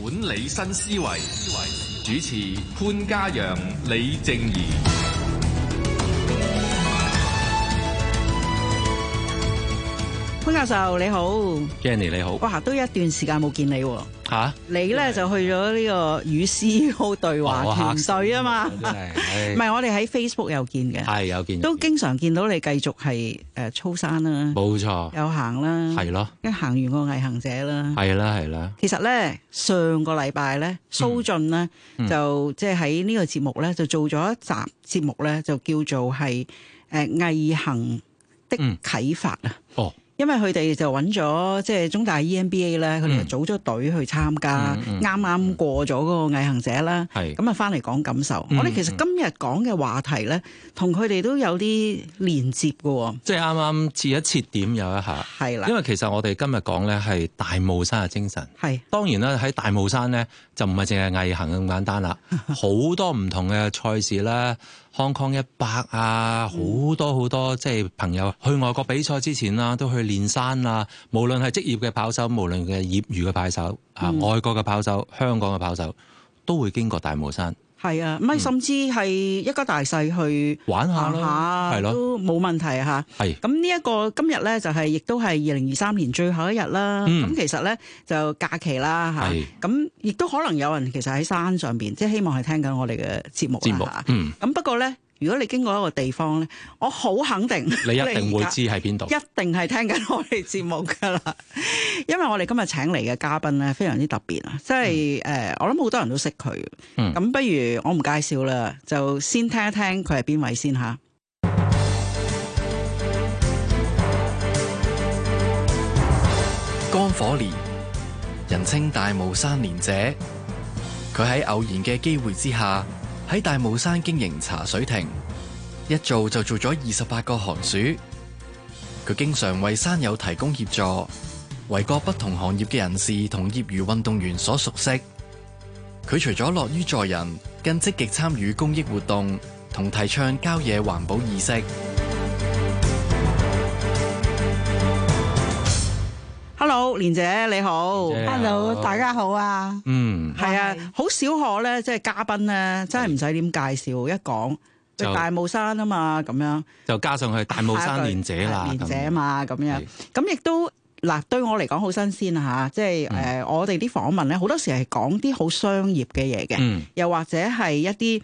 管理新思維，思維主持潘嘉陽、李靜宜。潘教授你好，Jenny 你好，哇，都一段時間冇見你，吓，你咧就去咗呢個雨絲好對話泉水啊嘛，唔係我哋喺 Facebook 又見嘅，係有見，都經常見到你繼續係誒操山啦，冇錯，有行啦，係咯，行完個毅行者啦，係啦係啦，其實咧上個禮拜咧蘇俊呢，就即係喺呢個節目咧就做咗一集節目咧就叫做係誒毅行的啟發啊，哦。因為佢哋就揾咗即係中大 EMBA 咧，佢哋就組咗隊去參加，啱啱、嗯嗯嗯、過咗嗰個毅行者啦。咁啊是，翻嚟講感受。嗯嗯、我哋其實今日講嘅話題咧，同佢哋都有啲連接嘅喎。即係啱啱切一切點有一下。係啦的，因為其實我哋今日講咧係大帽山嘅精神。係的當然啦，喺大帽山咧就唔係淨係毅行咁簡單啦，好 多唔同嘅賽事啦。Hong Kong 一百啊，好多好多即係朋友去外國比賽之前啊都去練山啊，無論係職業嘅跑手，無論係業餘嘅跑手，啊，外國嘅跑手，香港嘅跑手，都會經過大帽山。係啊，唔係甚至係一家大細去玩下咯，係咯，的都冇問題吓。係咁呢一個今日咧，就係、是、亦都係二零二三年最後一日啦。咁的其實咧就假期啦吓，咁的亦都可能有人其實喺山上邊，即係希望係聽緊我哋嘅節目啦。節目啊、嗯，咁不過咧。如果你經過一個地方咧，我好肯定，你一定會 在知喺邊度，一定係聽緊我哋節目噶啦。因為我哋今日請嚟嘅嘉賓咧，非常之特別啊！即係誒，我諗好多人都識佢。咁、嗯、不如我唔介紹啦，就先聽一聽佢係邊位先嚇。江火連，人稱大帽山蓮姐，佢喺偶然嘅機會之下。喺大帽山經營茶水亭，一做就做咗二十八個寒暑。佢經常為山友提供協助，為各不同行業嘅人士同業餘運動員所熟悉。佢除咗樂於助人，更積極參與公益活動，同提倡郊野環保意識。Hello，蓮姐你好。Hello，大家好啊。嗯，係啊，好少可咧，即係嘉賓咧，真係唔使點介紹，一講就大帽山啊嘛，咁樣就加上佢大帽山蓮姐啦，蓮姐啊嘛，咁樣咁亦都嗱，對我嚟講好新鮮啊吓，即係誒，我哋啲訪問咧，好多時係講啲好商業嘅嘢嘅，又或者係一啲。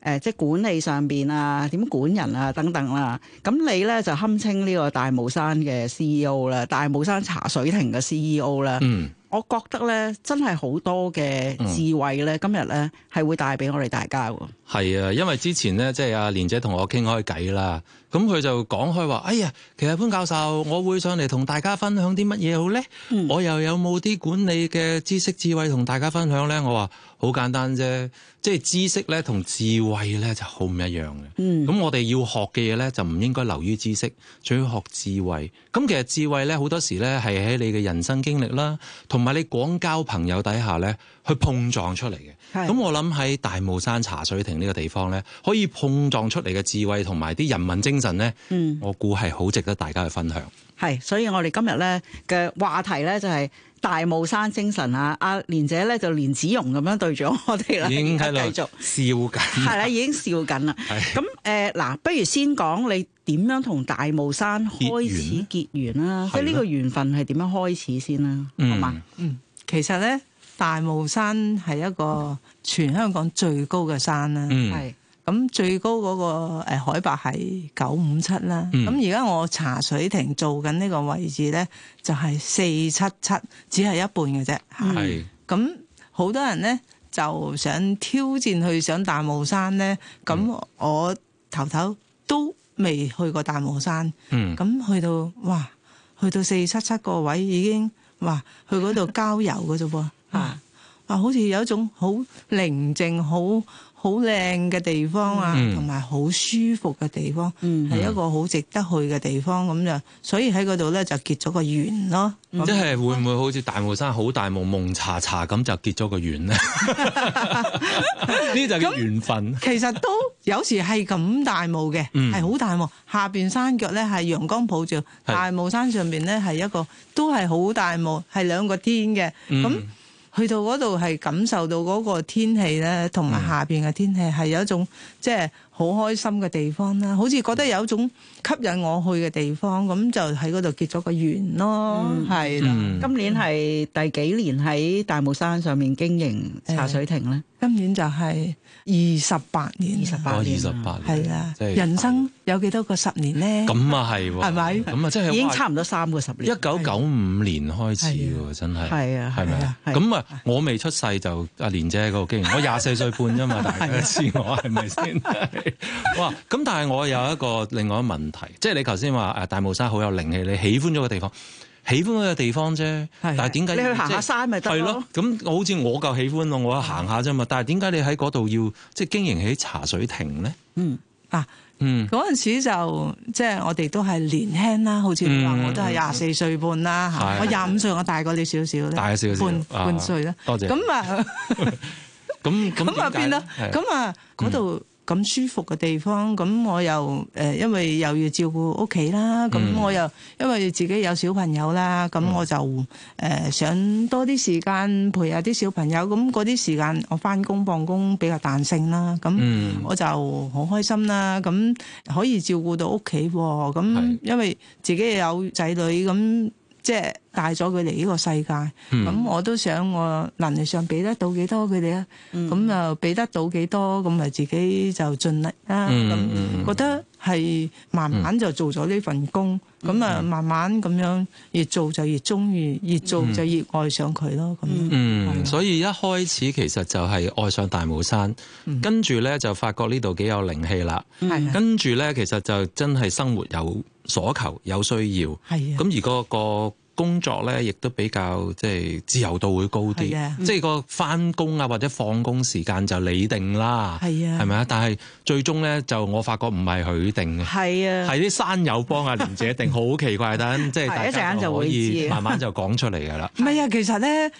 誒、呃，即係管理上邊啊，點管人啊，等等啦、啊。咁你咧就堪稱呢個大帽山嘅 CEO 啦，大帽山茶水亭嘅 CEO 啦。嗯，我覺得咧，真係好多嘅智慧咧，今日咧係會帶俾我哋大家喎。係啊，因為之前咧，即係阿蓮姐同我傾開偈啦，咁佢就講開話，哎呀，其實潘教授，我會上嚟同大家分享啲乜嘢好咧？嗯、我又有冇啲管理嘅知識智慧同大家分享咧？我話好簡單啫，即係知識咧同智慧咧就好唔一樣嘅。咁、嗯、我哋要學嘅嘢咧，就唔應該留於知識，仲要學智慧。咁其實智慧咧，好多時咧係喺你嘅人生經歷啦，同埋你廣交朋友底下咧。去碰撞出嚟嘅，咁我諗喺大帽山茶水亭呢個地方咧，可以碰撞出嚟嘅智慧同埋啲人民精神咧，我估係好值得大家去分享。係、 嗯，所以我哋今日咧嘅話題咧就係大帽山精神啊！阿、啊、蓮姐咧就蓮子蓉咁樣對咗我哋啦、啊，啊、ion, 已經喺度繼續笑緊，係啦 w，已經笑緊啦。咁誒，嗱、 uh，不如先講你點樣同大帽山開始結緣緣啦？即係呢個緣分係點樣開始先啦？好嘛？嗯，其實咧。大帽山係一個全香港最高嘅山啦，係咁、嗯、最高嗰個海拔係九五七啦。咁而家我茶水亭做緊呢個位置咧，就係四七七，只係一半嘅啫。係咁、嗯，好、嗯、多人咧就想挑戰去上大帽山咧。咁、嗯、我頭頭都未去過大帽山，咁、嗯、去到哇，去到四七七個位已經哇，去嗰度郊遊嘅啫噃。 啊！啊，好似有一種好寧靜、好好靚嘅地方啊，同埋好舒服嘅地方，係一個好值得去嘅地方咁樣。所以喺嗰度呢，就結咗個緣咯。即係會唔會好似大霧山好大霧蒙查查咁就結咗個緣呢？呢就叫緣分。其實都有時係咁大霧嘅，係好大霧。下邊山腳呢，係陽光普照，大霧山上面呢，係一個都係好大霧，係兩個天嘅咁。去到嗰度係感受到嗰個天氣咧，同埋下邊嘅天氣係有一種即係好開心嘅地方啦，好似覺得有一種吸引我去嘅地方，咁就喺嗰度結咗個緣咯，係啦。今年係第幾年喺大帽山上面經營茶水亭咧？嗯今年就係二十八年，二十八年，係啦。即係人生有幾多個十年咧？咁啊係，係咪？咁啊，即係已經差唔多三個十年。一九九五年開始喎，真係。係啊，係咪啊？咁啊，我未出世就阿蓮姐嗰個經驗，我廿四歲半啫嘛，大家知我係咪先？哇！咁但係我有一個另外一個問題，即係你頭先話誒大帽山好有靈氣，你喜歡咗個地方。喜歡嗰個地方啫，但係點解你去行下山咪得咯？咁好似我夠喜歡咯，我行下啫嘛。但係點解你喺嗰度要即係經營起茶水亭咧？嗯啊，嗰陣時就即係我哋都係年輕啦，好似你話我都係廿四歲半啦嚇，我廿五歲，我大過你少少咧，半半歲啦。多謝。咁啊咁咁啊變啦，咁啊嗰度。咁舒服嘅地方，咁我又誒、呃，因為又要照顧屋企啦，咁我又因為自己有小朋友啦，咁我就誒、呃、想多啲時間陪下啲小朋友，咁嗰啲時間我返工放工比較彈性啦，咁我就好開心啦，咁可以照顧到屋企喎，咁因為自己有仔女咁。即係帶咗佢嚟呢個世界，咁、嗯、我都想我能力上俾得到幾多佢哋咧，咁又俾得到幾多，咁咪自己就盡力啦。咁、嗯、覺得係慢慢就做咗呢份工。嗯嗯嗯咁啊，嗯、慢慢咁樣越做就越中意，越做就越愛上佢咯。咁嗯，吧所以一開始其實就係愛上大帽山，跟住咧就發覺呢度幾有靈氣啦。係嗎，跟住咧其實就真係生活有所求，有需要。係啊，咁而個個。工作咧，亦都比較即係自由度會高啲，的即係個翻工啊或者放工時間就你定啦，係啊的，係咪啊？但係最終咧，就我發覺唔係佢定嘅，係啊的，係啲山友幫阿蓮姐定，好奇怪，等 即係即係大家可以慢慢就講出嚟㗎啦。唔係 啊，其實咧，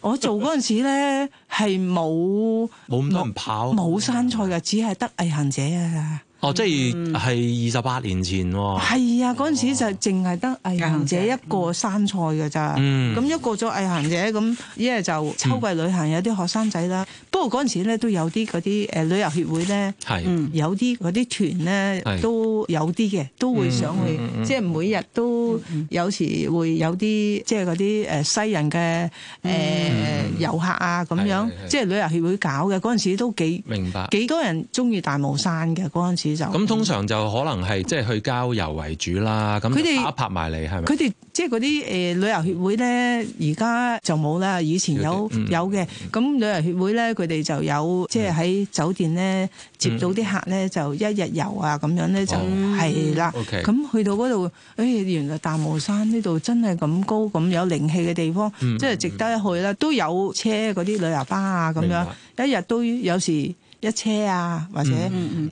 我做嗰陣時咧係冇冇咁多人跑，冇山賽嘅，只係得毅行者啊。哦，即係係二十八年前係、mm hmm. 哦、啊，陣時就淨係得毅行者一個山賽嘅咋。咁、mm hmm. 一過咗毅行者，咁一係就秋季旅行有啲學生仔啦。不過陣時咧、mm hmm. 都有啲啲誒旅遊協會咧，係有啲啲團咧都有啲嘅，hmm. 都會想去。Mm hmm. 即係每日都有時會有啲即係啲誒西人嘅誒遊客啊咁樣，即係、mm hmm. 旅遊協會搞嘅陣時都幾明白幾多人中意大帽山嘅陣時。咁通常就可能係即係去郊遊為主啦，咁打拍埋嚟係咪？佢哋即係嗰啲誒旅遊協會咧，而家就冇啦。以前有有嘅，咁旅遊協會咧，佢哋就有即係喺酒店咧接到啲客咧，就一日遊啊咁樣咧就係啦。OK，咁去到嗰度，誒原來大帽山呢度真係咁高咁有靈氣嘅地方，即係值得一去啦。都有車嗰啲旅遊巴啊咁樣，一日都有時。一車啊，或者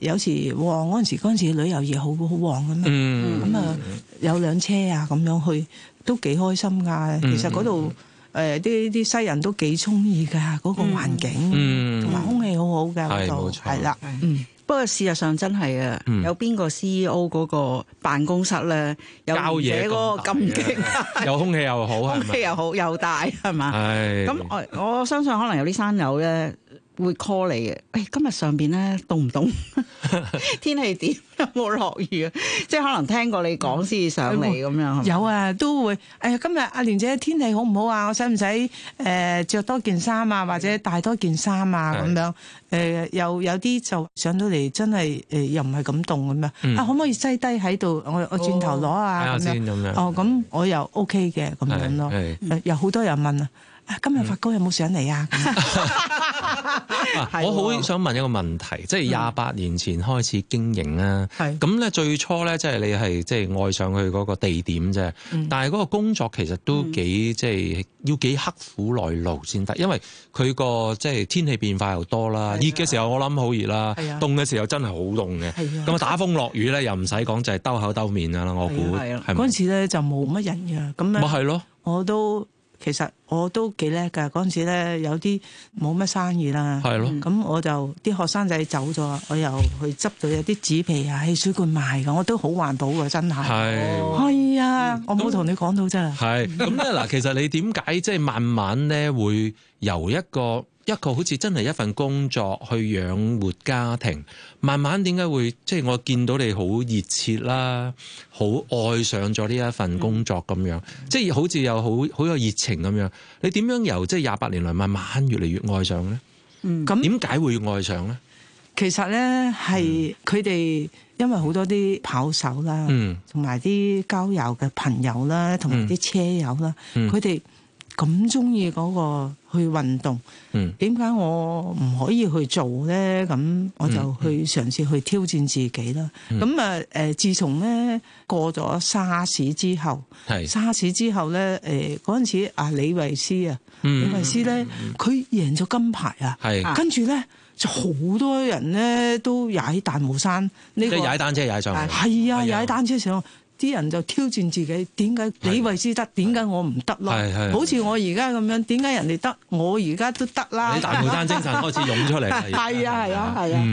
有時旺嗰、喔、陣時，嗰陣時旅遊業好好旺嘅、啊、咩？咁啊 有兩車啊，咁樣去都幾開心噶。 其實嗰度誒啲啲西人都幾中意噶嗰個環境，同埋 空氣好好嘅嗰度係啦。不過事實上真係啊，有邊個 CEO 嗰個辦公室咧？有嘢嗰個咁勁，有 空氣又好，空氣又好又大係嘛？咁我我相信可能有啲山友咧。會 call 你嘅，誒今日上邊咧凍唔凍？天氣點？有冇落雨啊？即係可能聽過你講先上嚟咁樣。有啊，都會。誒今日阿蓮姐天氣好唔好啊？我使唔使誒著多件衫啊？或者帶多件衫啊？咁樣誒有有啲就上到嚟真係誒又唔係咁凍咁樣。啊，可唔可以擠低喺度？我我轉頭攞啊咁樣。哦，咁我又 OK 嘅咁樣咯。有好多人問啊。今日發哥有冇上嚟啊？我好想問一個問題，即係廿八年前開始經營啊。係咁咧，最初咧，即係你係即係愛上佢嗰個地點啫。但係嗰個工作其實都幾即係要幾刻苦耐勞先得，因為佢個即係天氣變化又多啦。熱嘅時候我諗好熱啦，凍嘅時候真係好凍嘅。咁啊，打風落雨咧又唔使講，就係兜口兜面㗎啦。我估係啦。嗰陣時咧就冇乜人嘅，咁咪係咯。我都。其實我都幾叻㗎，嗰陣時咧有啲冇乜生意啦，咁、嗯、我就啲學生仔走咗，我又去執咗有啲紙皮啊、汽水罐賣㗎，我都好環保㗎，真係。係，係啊、哦哎，嗯、我冇同你講到真係。係，咁咧嗱，其實你點解即係慢慢咧會由一個？一個好似真係一份工作去養活家庭，慢慢點解會即係我見到你好熱切啦，好愛上咗呢一份工作咁樣，嗯、即係好似有好好有熱情咁樣。你點樣由即係廿八年嚟，慢慢越嚟越愛上呢？咁點解會愛上呢？其實呢，係佢哋因為好多啲跑手啦，同埋啲郊遊嘅朋友啦，同埋啲車友啦，佢哋咁中意嗰個。去運動，點解、嗯、我唔可以去做咧？咁我就去嘗試去挑戰自己啦。咁、嗯、啊誒、呃，自從咧過咗是沙士之後，沙士之後咧誒，嗰陣時阿、啊、李維斯啊，嗯、李維斯咧佢贏咗金牌啊，是跟住咧就好多人咧都踩大帽山，呢、呢個踩單車踩上去，係啊，踩、啊、單車上去。啲人就挑戰自己，點解你的為之得，點解的我唔得咯？係係，好似我而家咁樣，點解人哋得，我而家都得啦！啲大帽山精神開始湧出嚟係啊係啊係啊！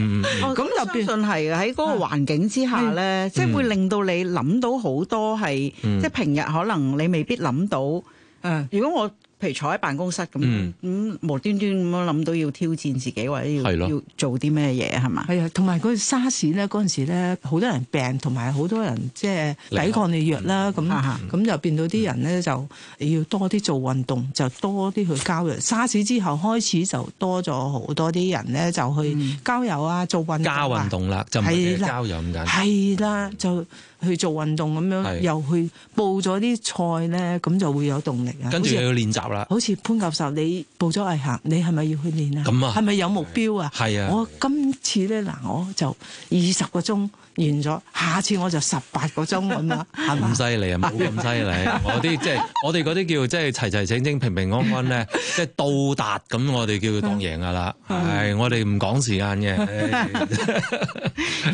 咁就變相信係喺嗰個環境之下咧，嗯嗯、即係會令到你諗到好多係，嗯、即係平日可能你未必諗到。誒、嗯，如果我譬如坐喺辦公室咁，咁、嗯嗯、無端端咁樣諗到要挑戰自己或者要的要做啲咩嘢係嘛？係啊，同埋嗰沙士咧嗰陣時咧，好多人病，同埋好多人即係抵抗力弱啦。咁咁就變到啲人咧就要多啲做運動，就多啲去郊遊。沙士之後開始就多咗好多啲人咧就去郊遊啊，嗯、做運動交、啊、郊運動啦，就唔係的郊遊，咁緊。係啦，就。去做運動咁樣，又去報咗啲賽咧，咁就會有動力啊。跟住又要練習啦。好似潘教授，你報咗毅行，你係咪要去練啊？咁啊？係咪有目標啊？係啊！我今次咧嗱，我就二十個鐘。完咗，下次我就十八個鐘咁啊，咁犀利啊！冇咁犀利，我啲即係我哋嗰啲叫即係齊齊整整、平平安安咧，即係到達咁，我哋叫佢當贏噶啦。係，我哋唔講時間嘅，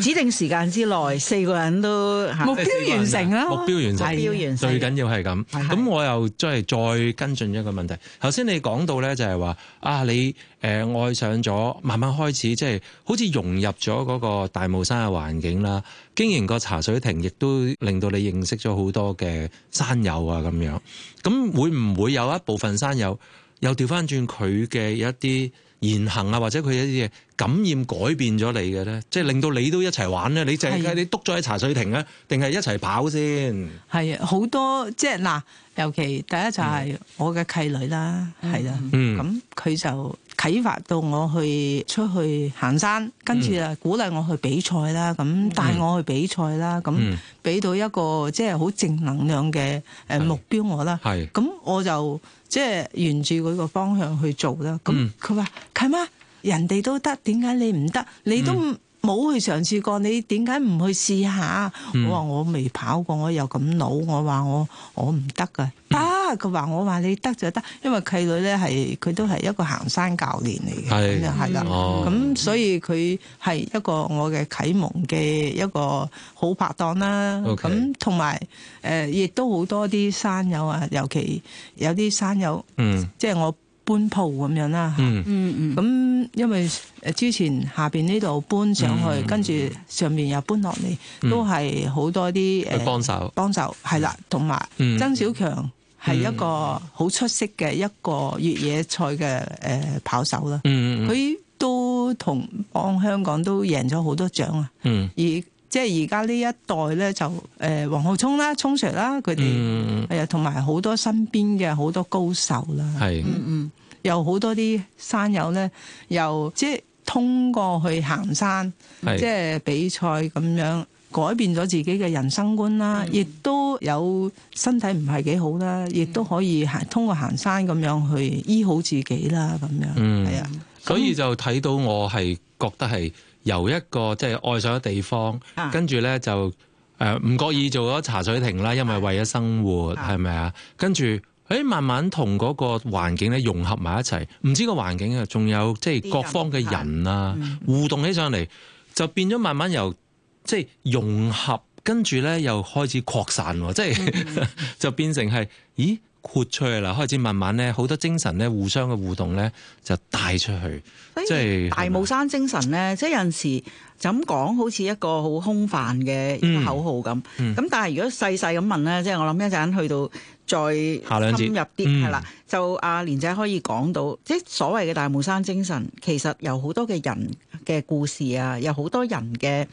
指定時間之內四個人都目標完成啦，目標完成，目標完成，最緊要係咁。咁我又真係再跟進一個問題。頭先你講到咧，就係話啊，你。誒、呃、愛上咗，慢慢開始即係好似融入咗嗰個大帽山嘅環境啦。經營個茶水亭，亦都令到你認識咗好多嘅山友啊咁樣。咁會唔會有一部分山友又調翻轉佢嘅一啲言行啊，或者佢一啲嘢感染改變咗你嘅咧？即係令到你都一齊玩咧？啊、你淨係你篤咗喺茶水亭啊？定係一齊跑先？係啊，好多即係嗱，尤其第一就係我嘅契女啦，係啦，咁佢就。啟發到我去出去行山，跟住啊鼓勵我去比賽啦，咁帶我去比賽啦，咁俾到一個即係好正能量嘅誒目標我啦，係咁是 我就即係沿住佢個方向去做啦。咁佢話，契媽，人哋都得，點解你唔得？你都冇去嘗試過，你點解唔去試下？我話我未跑過，我又咁老，我話我我唔得噶。啊！佢話我話你得就得，因為契女咧係佢都係一個行山教練嚟嘅，咁就係啦。咁所以佢係一個我嘅啟蒙嘅一個好拍檔啦。咁同埋誒，亦都好多啲山友啊，尤其有啲山友，即係我搬鋪咁樣啦。嗯嗯嗯。咁因為之前下邊呢度搬上去，跟住上面又搬落嚟，都係好多啲幫手，幫手係啦。同埋曾小強。係一個好出色嘅一個越野賽嘅誒跑手啦，佢，嗯嗯，都同幫香港都贏咗好多獎啊！嗯、而即係而家呢一代咧就誒黃、呃、浩聰啦、聰 Sir 啦，佢哋係啊，同埋好多身邊嘅好多高手啦，是嗯嗯，又好多啲山友咧，又即係通過去行山，即係是比賽咁樣。改變咗自己嘅人生觀啦，亦都、嗯、有身體唔係幾好啦，亦都、嗯、可以行通過行山咁樣去醫好自己啦，咁樣係、嗯、啊。所以就睇到我係覺得係由一個即係、就是、愛上咗地方，啊、跟住咧就誒唔覺意做咗茶水亭啦，因為為咗生活係咪啊？跟住誒、欸、慢慢同嗰個環境咧融合埋一齊，唔知個環境、就是、啊，仲有即係各方嘅人啊互動起上嚟，就變咗慢慢由。即係融合，跟住咧又開始擴散，即係、嗯、 就變成係咦擴出去啦。開始慢慢咧，好多精神咧互相嘅互動咧，就帶出去。以即係是大帽山精神咧，是是即係有陣時就咁講，好似一個好空泛嘅口號咁。咁、嗯嗯、但係如果細細咁問咧，即係我諗一陣去到再深入啲係啦，就阿、啊、蓮姐可以講到，即係所謂嘅大帽山精神、精神，其實有好多嘅人嘅故事啊，有好多人嘅。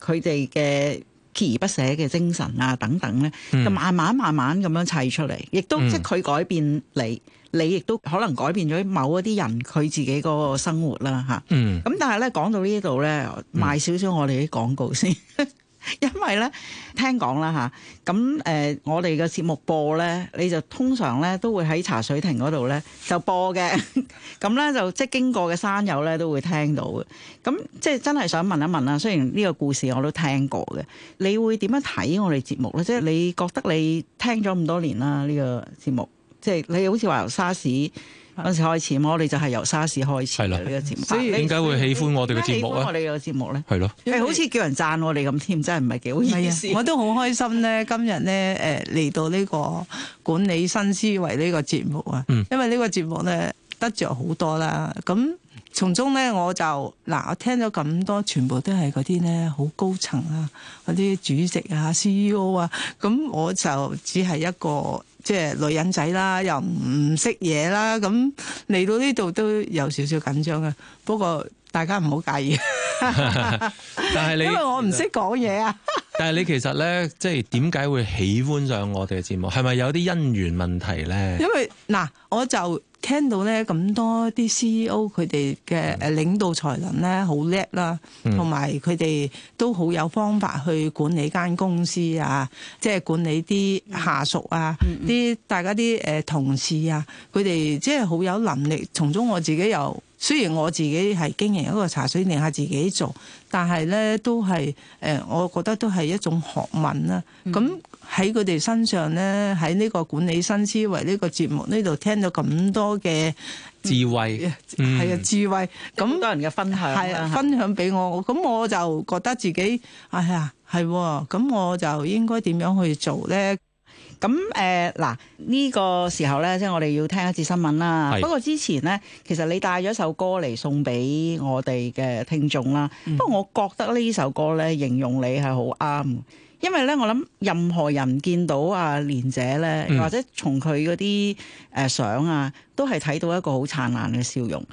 佢哋嘅鍥而不捨嘅精神啊，等等咧，就、嗯、慢慢慢慢咁樣砌出嚟，亦都、嗯、即係佢改變你，你亦都可能改變咗某一啲人佢自己嗰個生活啦，吓、啊。咁、嗯、但係咧講到呢度咧，賣少少我哋啲廣告先。 因為咧，聽講啦嚇，咁、啊、誒、呃，我哋嘅節目播咧，你就通常咧都會喺茶水亭嗰度咧就播嘅，咁 咧就即係經過嘅山友咧都會聽到嘅。咁即係真係想問一問啦，雖然呢個故事我都聽過嘅，你會點樣睇我哋節目咧？即係你覺得你聽咗咁多年啦、啊、呢、呢個節目，即係你好似話由沙士開始，我哋就係由沙士開始。係啦，呢個節目。所以點解、啊、會喜歡我哋嘅節目呢，我哋個節目咧？係了為好似叫人讚我哋咁添，真係唔係幾好意思。我都好開心咧，今日咧誒嚟到呢個管理新思維呢個節目啊，嗯、因為呢個節目咧得着好多啦。咁從中咧、呃，我就嗱我聽咗咁多，全部都係嗰啲咧好高層啊，嗰啲主席啊、CEO 啊，咁我就只係一個。即係女人仔啦，又唔識嘢啦，咁嚟到呢度都有少少緊張啊。不過大家唔好介意， 但係你因為我唔識講嘢啊。 但係你其實咧，即係點解會喜歡上我哋嘅節目？係咪有啲姻緣問題咧？因為嗱，我就聽到咧咁多啲 CEO 佢哋嘅誒領導才能咧好叻啦，同埋佢哋都好有方法去管理間公司啊，即係管理啲下屬啊，啲大家啲誒同事啊，佢哋即係好有能力。從中我自己又雖然我自己係經營一個茶水店，係自己做。但係咧，都係誒，我覺得都係一種學問啦。咁喺佢哋身上咧，喺呢個管理新思維呢個節目呢度聽到咁多嘅智慧，係啊智慧，咁多人嘅分享，係啊分享俾我。咁我就覺得自己，哎呀，係咁，我就應該點樣去做咧？咁誒嗱呢個時候咧，即係我哋要聽一次新聞啦。是不過之前咧，其實你帶咗首歌嚟送俾我哋嘅聽眾啦。嗯、不過我覺得呢首歌咧，形容你係好啱。因為咧，我諗任何人見到阿、啊、蓮姐咧，嗯、或者從佢嗰啲誒相啊，都係睇到一個好燦爛嘅笑容。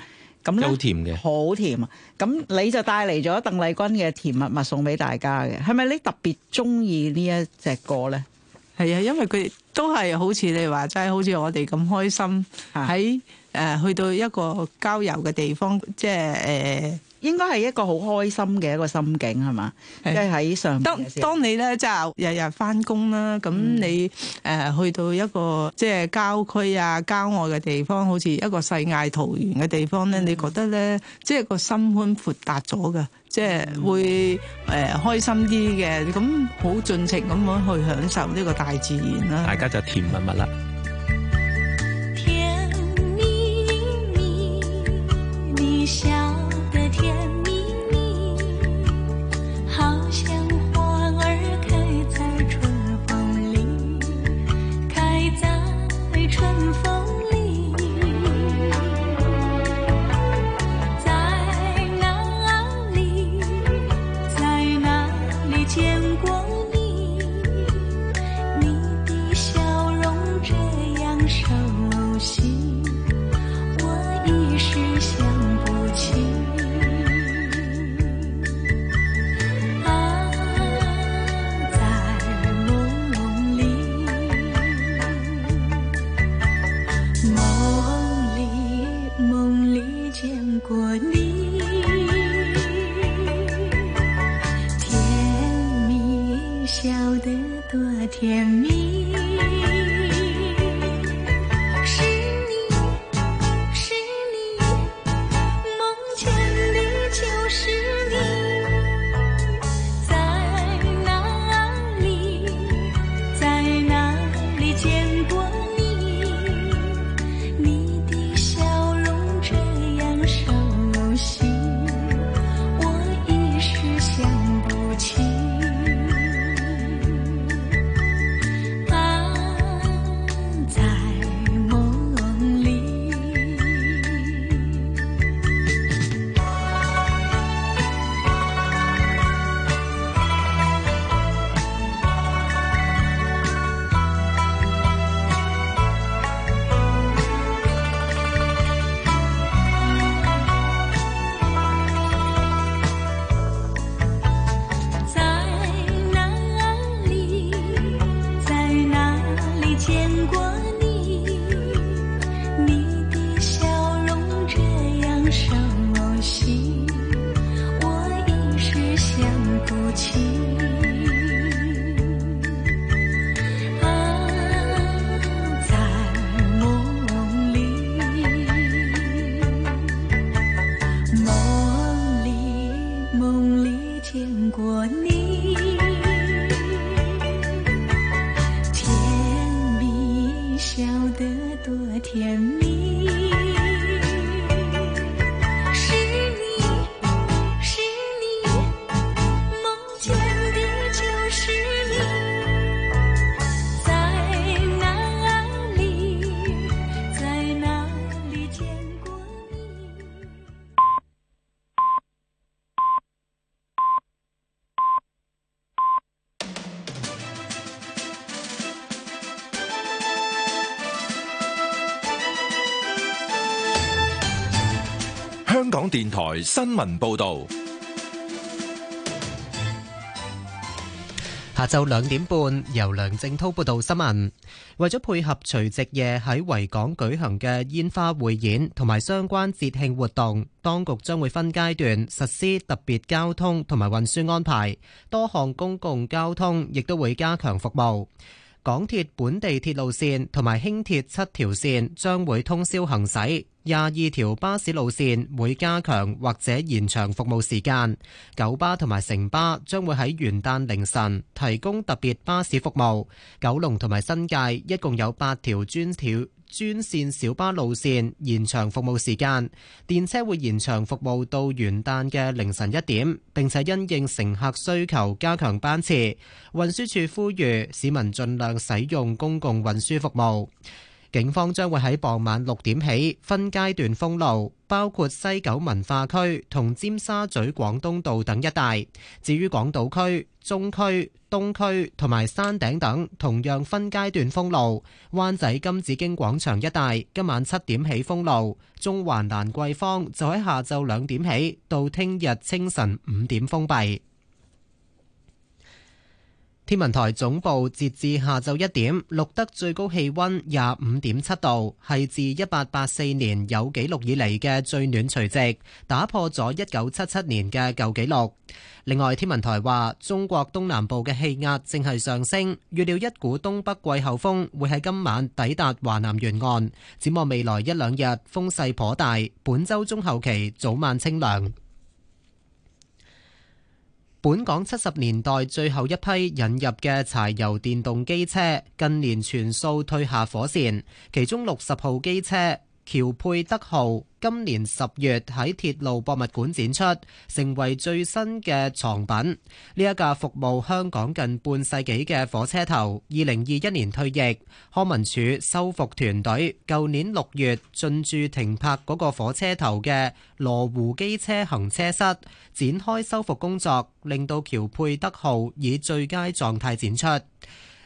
咁咧好甜嘅，好甜。咁你就帶嚟咗鄧麗君嘅《甜蜜蜜》送俾大家嘅，係咪你特別中意呢一隻歌咧？係啊，因為佢都係好似你話齋，好似我哋咁開心，喺誒的、呃、去到一個郊遊嘅地方，即係誒。呃應該係一個好開心嘅一個心境係嘛？即係喺上，當當你咧就日日翻工啦，咁你誒去到一個即係郊區啊、郊外嘅地方，好似一個世外桃源嘅地方咧，你覺得咧即係個心寬闊達咗嘅，即係會誒開心啲嘅，咁好盡情咁樣去享受呢個大自然啦。大家就甜蜜蜜啦。甜蜜蜜，你笑。過你甜蜜，笑得多甜蜜。電台新聞報道，下晝兩點半由梁正滔報道新聞。為咗配合除夕夜喺維港舉行嘅煙花匯演同埋相關節慶活動，當局將會分階段實施特別交通同埋運輸安排，多項公共交通亦都會加強服務。港鐵本地鐵路線同埋輕鐵七條線將會通宵行駛，廿二條巴士路線會加強或者延長服務時間。九巴同埋城巴將會喺元旦凌晨提供特別巴士服務。九龍同埋新界一共有八條專條。專線小巴路線延長服務時間，電車會延長服務到元旦嘅凌晨一點，並且因應乘客需求加強班次。運輸署呼籲市民盡量使用公共運輸服務。警方將會喺傍晚六點起分階段封路，包括西九文化區同尖沙咀廣東道等一帶。至於港島區、中區、東區同埋山頂等，同樣分階段封路。灣仔金紫荊廣場一帶今晚七點起封路，中環蘭桂坊就喺下晝兩點起到聽日清晨五點封閉。天文台總部截至下晝一點，錄得最高氣溫廿五點七度，係自一八八四年有紀錄以嚟嘅最暖除夕，打破咗一九七七年嘅舊紀錄。另外，天文台話，中國東南部嘅氣壓正係上升，預料一股東北季候風會喺今晚抵達華南沿岸。展望未來一兩日，風勢頗大。本周中後期早晚清涼。本港七十年代最後一批引入嘅柴油電動機車，近年全數退下火線，其中六十號機車。喬佩德號今年十月喺鐵路博物館展出，成為最新嘅藏品。呢一架服務香港近半世紀嘅火車頭，二零二一年退役，康文署修復團隊舊年六月進駐停泊嗰個火車頭嘅羅湖機車行車室，展開修復工作，令到喬佩德號以最佳狀態展出。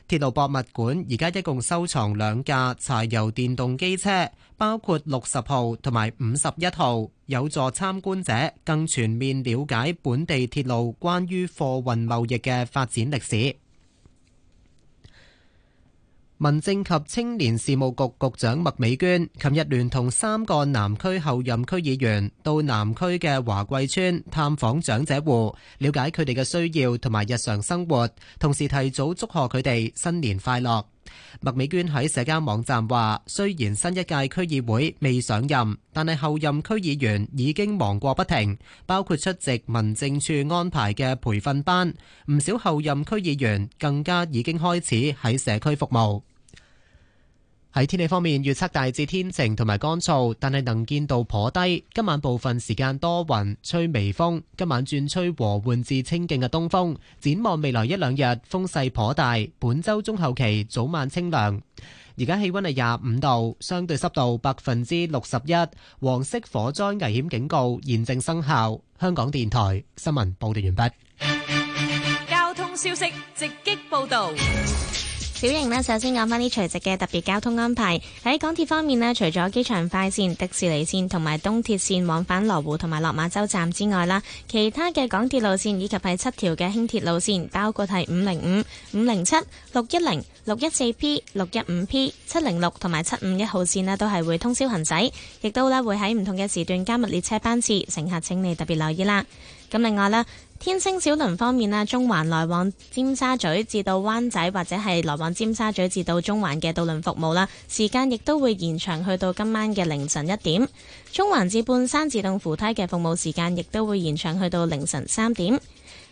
鐵路博物館而家一共收藏兩架柴油電動機車，包括六十號同埋五十一號，有助參觀者更全面了解本地鐵路關於貨運貿易嘅發展歷史。民政及青年事務局局長麥美娟琴日聯同三個南區候任區議員到南區嘅華貴村探訪長者戶，了解佢哋嘅需要同埋日常生活，同時提早祝賀佢哋新年快樂。.麥美娟喺社交網站話：雖然新一屆區議會未上任，但係後任區議員已經忙過不停，包括出席民政處安排嘅培訓班。唔少後任區議員更加已經開始喺社區服務。喺天氣方面，預測大致天晴同埋乾燥，但係能見度頗低。今晚部分時間多雲，吹微風。今晚轉吹和緩至清勁嘅東風。展望未來一兩日，風勢頗大。本周中後期早晚清涼。而家氣溫係廿五度，相對濕度百分之六十一。黃色火災危險警告現正生效。香港電台新聞報道完畢。交通消息直擊報道。小型呢，首先講翻啲除夕嘅特別交通安排。喺港鐵方面呢，除咗機場快線、迪士尼線同埋東鐵線往返羅湖同埋落馬洲站之外啦，其他嘅港鐵路線以及係七條嘅輕鐵路線，包括係五零五、五零七、六一零、六一四 P、六一五 P、七零六同埋七五一號線呢都係會通宵行駛，亦都呢會喺唔同嘅時段加密列車班次，乘客請你特別留意啦。咁另外咧。天星小輪方面咧，中環來往尖沙咀至到灣仔或者係來往尖沙咀至到中環嘅渡輪服務啦，時間亦都會延長去到今晚嘅凌晨一點。中環至半山自動扶梯嘅服務時間亦都會延長去到凌晨三點。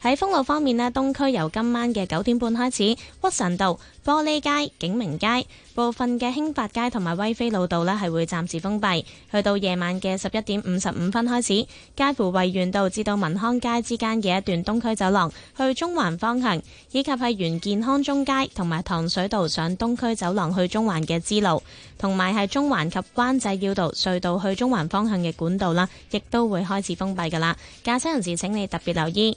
喺封路方面呢，東區由今晚嘅九點半開始，屈臣道、玻璃街、景明街部分嘅興發街同埋威非路道呢係，會暫時封閉。去到夜晚嘅十一點五十五分開始，介乎維園道至到民康街之間嘅一段東區走廊去中環方向，以及係沿健康中街同埋糖水道上東區走廊去中環嘅支路，同埋係中環及灣仔繞道隧道去中環方向嘅管道啦，亦都會開始封閉噶啦。駕駛人士請你特別留意。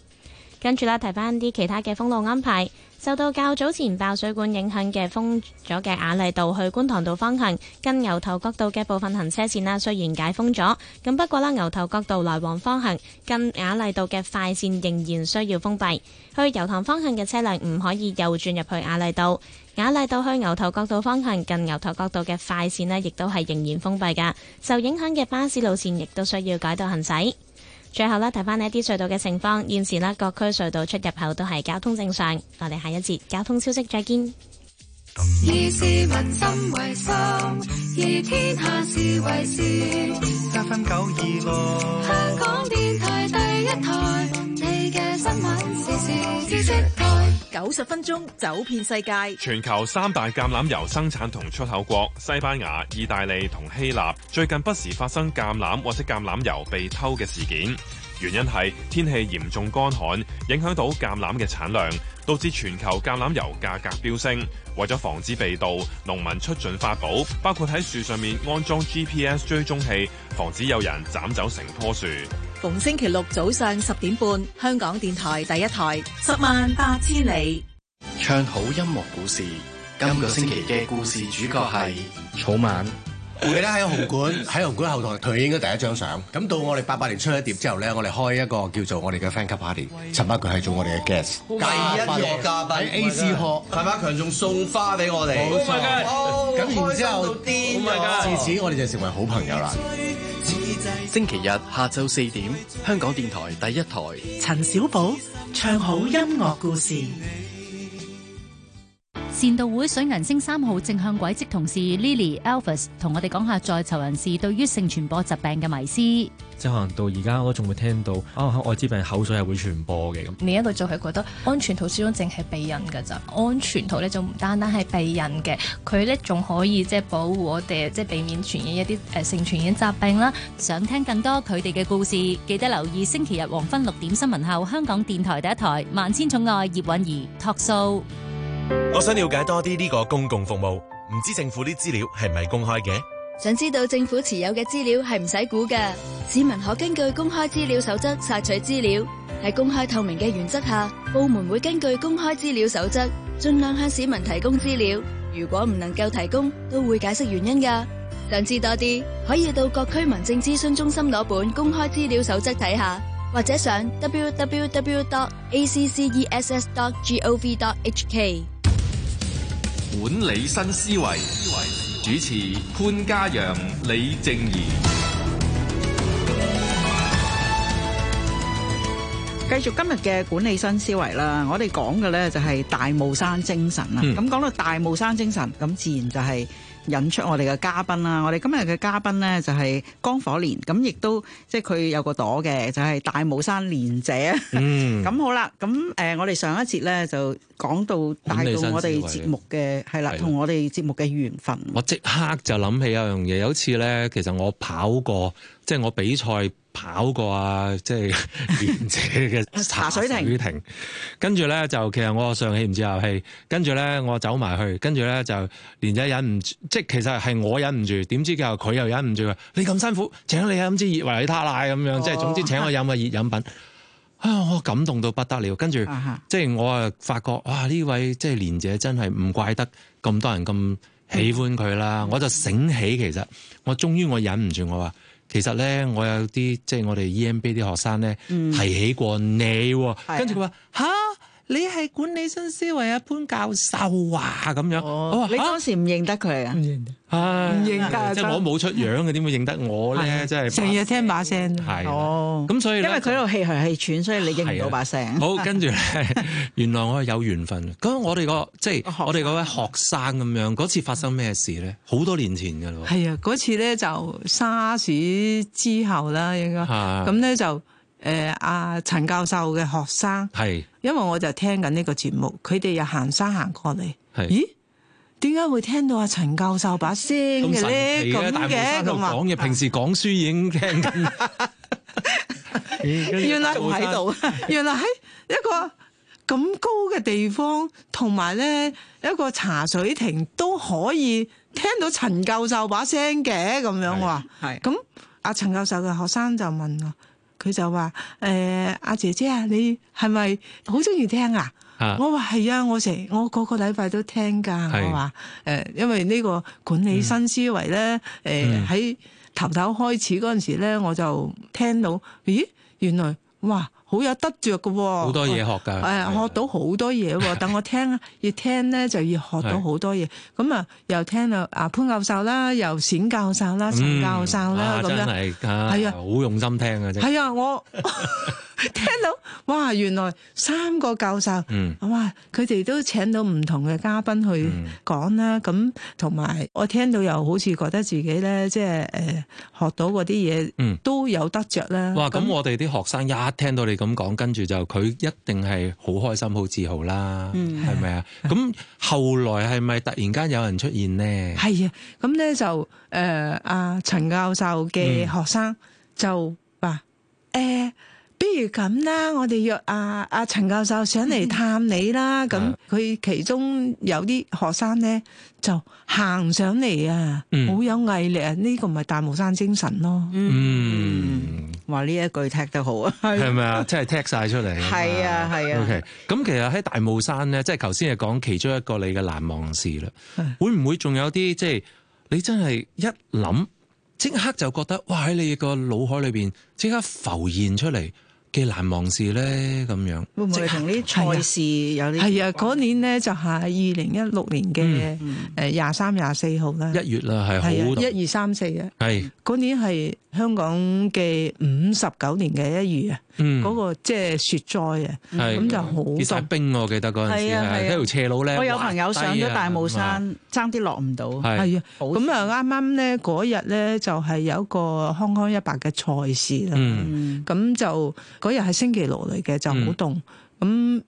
跟住啦，提翻啲其他嘅封路安排。受到較早前爆水管影響嘅封咗嘅雅麗道去觀塘道方向，跟牛頭角道嘅部分行車線啦，雖然解封咗，咁不過啦，牛頭角道來往方向近雅麗道嘅快線仍然需要封閉。去油塘方向嘅車輛唔可以右轉入去雅麗道。雅麗道去牛頭角道方向近牛頭角道嘅快線咧，亦都係仍然封閉噶，受影響嘅巴士路線亦都需要改道行駛。最後啦，睇翻呢一啲隧道嘅情況，現時啦，各區隧道出入口都係交通正常。我哋下一節交通消息再見。以市民心為心，以天下事為事。香港電台第一台。九十分鐘走遍世界。全球三大橄欖油生產同出口國西班牙、意大利同希臘，最近不時發生橄欖或者橄欖油被偷嘅事件。原因係天氣嚴重乾旱，影響到橄欖嘅產量。導致全球橄欖油價格飆升。為咗防止被盜，農民出盡法寶，包括喺樹上面安裝 GPS 追蹤器，防止有人斬走成棵樹。逢星期六早上十點半，香港電台第一台十萬八千里，唱好音樂故事。今個星期嘅故事主角係草蜢。我記得喺紅館，喺紅館後台，佢應該第一張相。咁到我哋八八年出一碟之後咧，我哋開一個叫做我哋嘅 Friend Party，陳百強係做我哋嘅 guest，第一個嘉賓，A 之學，陳百強仲送花俾我哋。冇錯，咁然之後，自此我哋就成為好朋友啦。星期日下晝四點，香港電台第一台，陳小寶唱好音樂故事。善道會水銀星三號正向軌跡，同事 Lily、Elvis 同我哋講下在囚人士對於性傳播疾病嘅迷思。即係可能到而家我都仲會聽到啊，愛滋病口水係會傳播嘅咁。另一個就係覺得安全套始終淨係避孕㗎咋，安全套咧就唔單單係避孕嘅，佢咧仲可以即係保護我哋，即係避免傳染一啲誒性傳染疾病啦。想聽更多佢哋嘅故事，記得留意星期日黃昏六點新聞後，香港電台第一台《萬千寵愛》葉儀，葉韻儀 Talk Show。我想了解多啲呢個公共服務，唔知政府啲資料係咪公開嘅？想知道政府持有嘅資料係唔使估㗎，市民可根據公開資料守則索取資料。喺公開透明嘅原則下，部門會根據公開資料守則盡量向市民提供資料。如果唔能夠提供，都會解釋原因噶。想知多啲，可以到各區民政諮詢中心攞本公開資料守則睇下。或者上 www.access.gov.hk。管理新思維主持潘嘉陽、李靜宜。繼續今日嘅管理新思維啦，我哋講嘅咧就係大帽山精神啦。咁講到大帽山精神，咁自然就係。引出我哋嘅嘉賓啦，我哋今日嘅嘉賓咧就係江火連，咁亦都即係佢有個朵嘅，就係、是、大帽山蓮姐。咁、嗯、 好啦，咁誒，我哋上一節咧就講到帶到我哋節目嘅係啦，同我哋節目嘅緣分。我即刻就諗起有樣嘢，有一次咧其實我跑過，即、就、係、是、我比賽。跑過啊，即係蓮姐嘅茶水亭，跟住咧就其實我上氣唔知下氣，跟住咧我走埋去，跟住咧就蓮姐忍唔住，即係其實係我忍唔住，點知又佢又忍唔住，你咁辛苦，請你啊，總之熱維他奶咁樣，即係總之請我飲個熱飲品，啊我感動到不得了，跟住、uh huh. 即係我啊發覺哇呢位即係蓮姐真係唔怪得咁多人咁喜歡佢啦，我就醒起其實我終於我忍唔住我話。其實咧，我有啲即係我哋 EMBA 啲學生咧、嗯、提起過你、啊，是的 跟住佢話嚇。你係管理新思維啊，潘教授啊，咁樣。哦。你當時唔認得佢啊？唔認得。唔認得。即係我冇出樣嘅，點會認得我咧？即係。成日聽把聲。係。哦。咁所以。因為佢個氣係氣喘，所以你認唔到把聲。好，跟住咧，原來我係有緣分。咁我哋個即係我哋嗰位學生咁樣，嗰次發生咩事咧？好多年前㗎咯。係啊，嗰次咧就沙士之後啦，應該。咁咧就。誒，阿陳、呃啊、教授嘅學生，係是，因為我就聽緊呢個節目，佢哋又行山行過嚟，係是，咦，點解會聽到阿陳教授把聲嘅咧？咁嘅，啊，講嘢，啊、平時講書已經聽緊， 原來喺度， 原來喺一個咁高嘅地方，同埋咧一個茶水亭都可以聽到陳教授把聲嘅，咁樣話，係，咁阿陳教授嘅學生就問啊。佢就話：誒、呃、阿姐姐啊，你係咪好中意聽啊？啊我話係啊，我成我個個禮拜都聽㗎。係我話誒、呃，因為呢個管理新思維咧，誒喺、嗯呃、頭頭開始嗰陣時咧，我就聽到咦，原來哇！好有得着㗎，好多嘢學㗎，誒學到好多嘢喎。等我聽，越聽咧就要學到好多嘢。咁啊，又聽啊阿潘教授啦，又冼教授啦，陳教授啦咁樣，係啊，好用心聽啊，真係啊，我。聽到哇，原來三個教授，嗯、哇，佢哋都請到唔同嘅嘉賓去講啦。咁同埋我聽到又好似覺得自己咧，即係誒，學到嗰啲嘢都有得着啦。哇！咁樣，我哋啲學生一聽到你咁講，跟住就佢一定係好開心、好自豪啦，係咪、嗯、啊？咁後來係咪突然間有人出現呢？係啊，咁咧就誒，阿陳教授嘅學生就話誒。啊啊啊啊啊啊不如咁啦，我哋約阿阿陳教授上嚟探你啦。咁佢、嗯、其中有啲學生咧就行上嚟啊，好、嗯、有毅力啊！呢、呢個唔係大帽山精神咯。嗯，話呢、嗯、一句踢得好啊，係咪啊？真係踢晒出嚟。係啊，係啊。OK，咁其實喺大帽山咧，即係頭先係講其中一個你嘅難忘事啦。唉會唔會仲有啲即係你真係一諗即刻就覺得哇！喺你個腦海裏邊即刻浮現出嚟。嘅難忘事咧，咁樣會唔會同啲賽事有啲？係啊，嗰年咧就係二零一六年嘅誒廿三廿四號啦。一月啦，係好一二三四啊。係。嗰年係香港嘅五十九年嘅一月啊，嗰個即係雪災啊，咁就好多冰，我記得嗰陣，喺條斜路咧，我有朋友上咗大帽山，差啲落唔到，係啊，咁啊啱啱咧嗰日咧就係有一個香港一百嘅賽事啦，咁就嗰日係星期六嚟嘅，就好凍咁。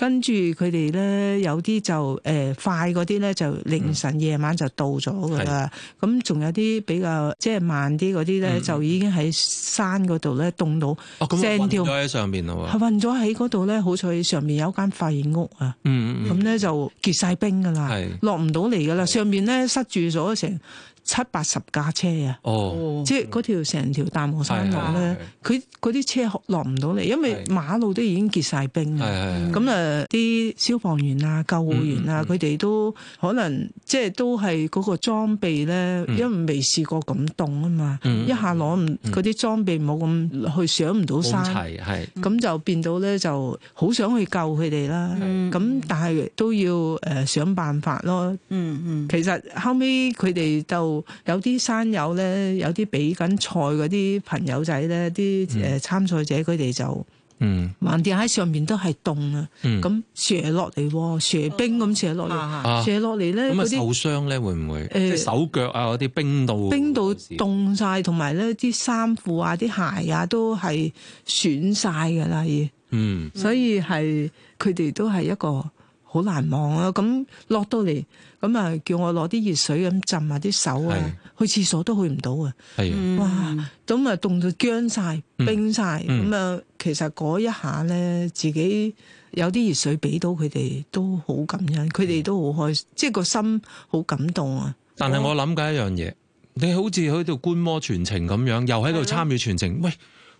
跟住佢哋咧，有啲就誒、呃、快嗰啲咧，就凌晨夜、嗯、晚就到咗噶啦。咁仲的有啲比較即係、就是、慢啲嗰啲咧，嗯嗯就已經喺山嗰度咧凍到聲、哦嗯嗯、掉喺上面咯喎。係、嗯嗯嗯、運咗喺嗰度咧，好彩上面有間廢屋啊。嗯咁、嗯、咧、嗯、就結晒冰噶啦，落唔到嚟噶啦。上面咧塞住咗成七八十架車啊！哦、oh.，即係嗰條成條大帽山路咧，佢嗰啲車落唔到嚟，因為馬路都已經結晒冰。係咁啊，啲消防員啊、救護員啊，佢哋、mm hmm. 都可能即係都係嗰個裝備咧，mm hmm. 因為未試過咁凍啊嘛。Mm hmm. 一下攞唔嗰啲裝備冇咁去上唔到山。咁、mm hmm. 就變到咧就好想去救佢哋啦。咁、mm hmm. 但係都要誒想辦法咯。嗯嗯、mm。Hmm. 其實後尾佢哋就。有啲山友咧，有啲比緊賽嗰啲朋友仔咧，啲誒參賽者佢哋就，嗯，橫掂喺上面都係凍啊，咁射落嚟，射冰咁射落嚟，射落嚟咧，咁啊受傷咧會唔會？誒，手腳啊嗰啲冰到，冰到凍晒，同埋咧啲衫褲啊、啲鞋啊都係損晒噶啦，嗯，所以係佢哋都係一個好難忘啊，咁落到嚟。咁啊，叫我攞啲熱水咁浸下啲手啊，的去廁所都去唔到啊！的哇，咁啊、嗯，凍到僵晒、冰晒。咁啊，其實嗰一下咧，自己有啲熱水俾到佢哋都好感恩，佢哋、嗯、都好開心，即係個心好感動啊！但係我諗緊一樣嘢，我你好似喺度觀摩全程咁樣，又喺度參與全程。的喂，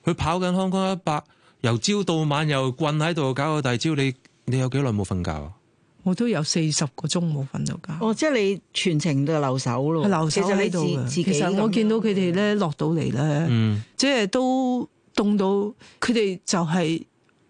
佢跑緊香港一百，由朝到晚又困喺度搞到第二朝，你你，你有幾耐冇瞓覺？我都有四十個鐘冇瞓到覺。哦，即係你全程都留守咯，留守喺度。其實我見到佢哋咧落到嚟咧，即係都凍到，佢哋就係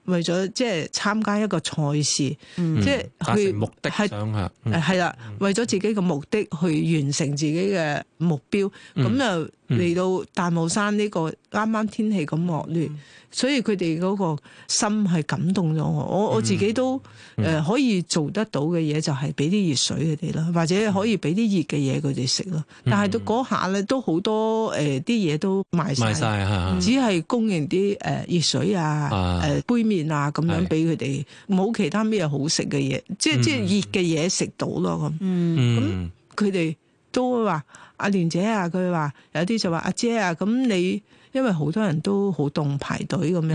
為咗即係參加一個賽事，即係佢目的係啊，係啦，為咗自己嘅目的去完成自己嘅目標，咁就。嚟到大帽山呢，這個啱啱天氣咁惡劣，所以佢哋嗰個心係感動咗我。我我自己都誒、呃、可以做得到嘅嘢，就係俾啲熱水佢哋咯，或者可以俾啲熱嘅嘢佢哋食咯。但係到嗰下咧，都好多誒啲嘢都賣晒，賣啊、只係供應啲誒、呃、熱水啊、誒、啊、杯麵啊咁樣俾佢哋，冇的其他咩好食嘅嘢，即係、嗯、即係熱嘅嘢食到咯咁。咁佢哋都會話。阿蓮、啊、姐啊，佢話有啲就話阿姐，姐啊，咁你因為好多人都好凍排隊咁樣，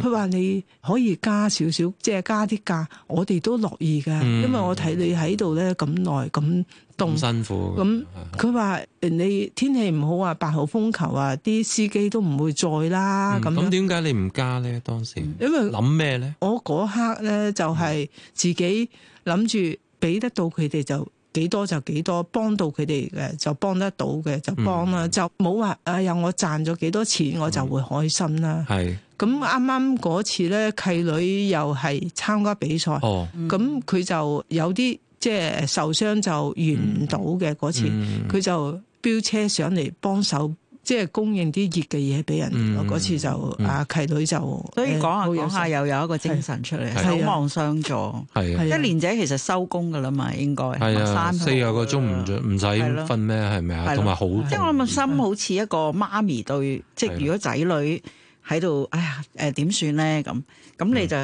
佢話、嗯嗯、你可以加少少，即係加啲價，我哋都樂意嘅，嗯、因為我睇你喺度咧咁耐咁凍，咁辛苦。咁佢話你天氣唔好啊，八號風球啊，啲司機都唔會載啦咁。咁點解你唔加呢？當時？因為諗咩呢？我嗰刻呢，就係、是、自己諗住俾得到佢哋就。幾多就幾多，幫到佢哋嘅就幫得到嘅就幫啦，就冇話誒有、啊、我賺咗幾多錢我就會開心啦。係、嗯，咁啱啱嗰次咧契女又係參加比賽，咁佢、哦、就有啲即係受傷就完唔到嘅嗰次，佢就飆車上嚟幫手。即係供應啲熱嘅嘢俾人咯，嗰次就阿契女就所以講下講下又有一個精神出嚟，守望相助。係，即係蓮姐其實收工嘅啦嘛，應該。係啊，三四個鐘唔唔使分咩係咪啊？係同埋好。即係我諗個心好似一個媽咪對，即係如果仔女喺度，哎呀誒點算咧咁？咁你就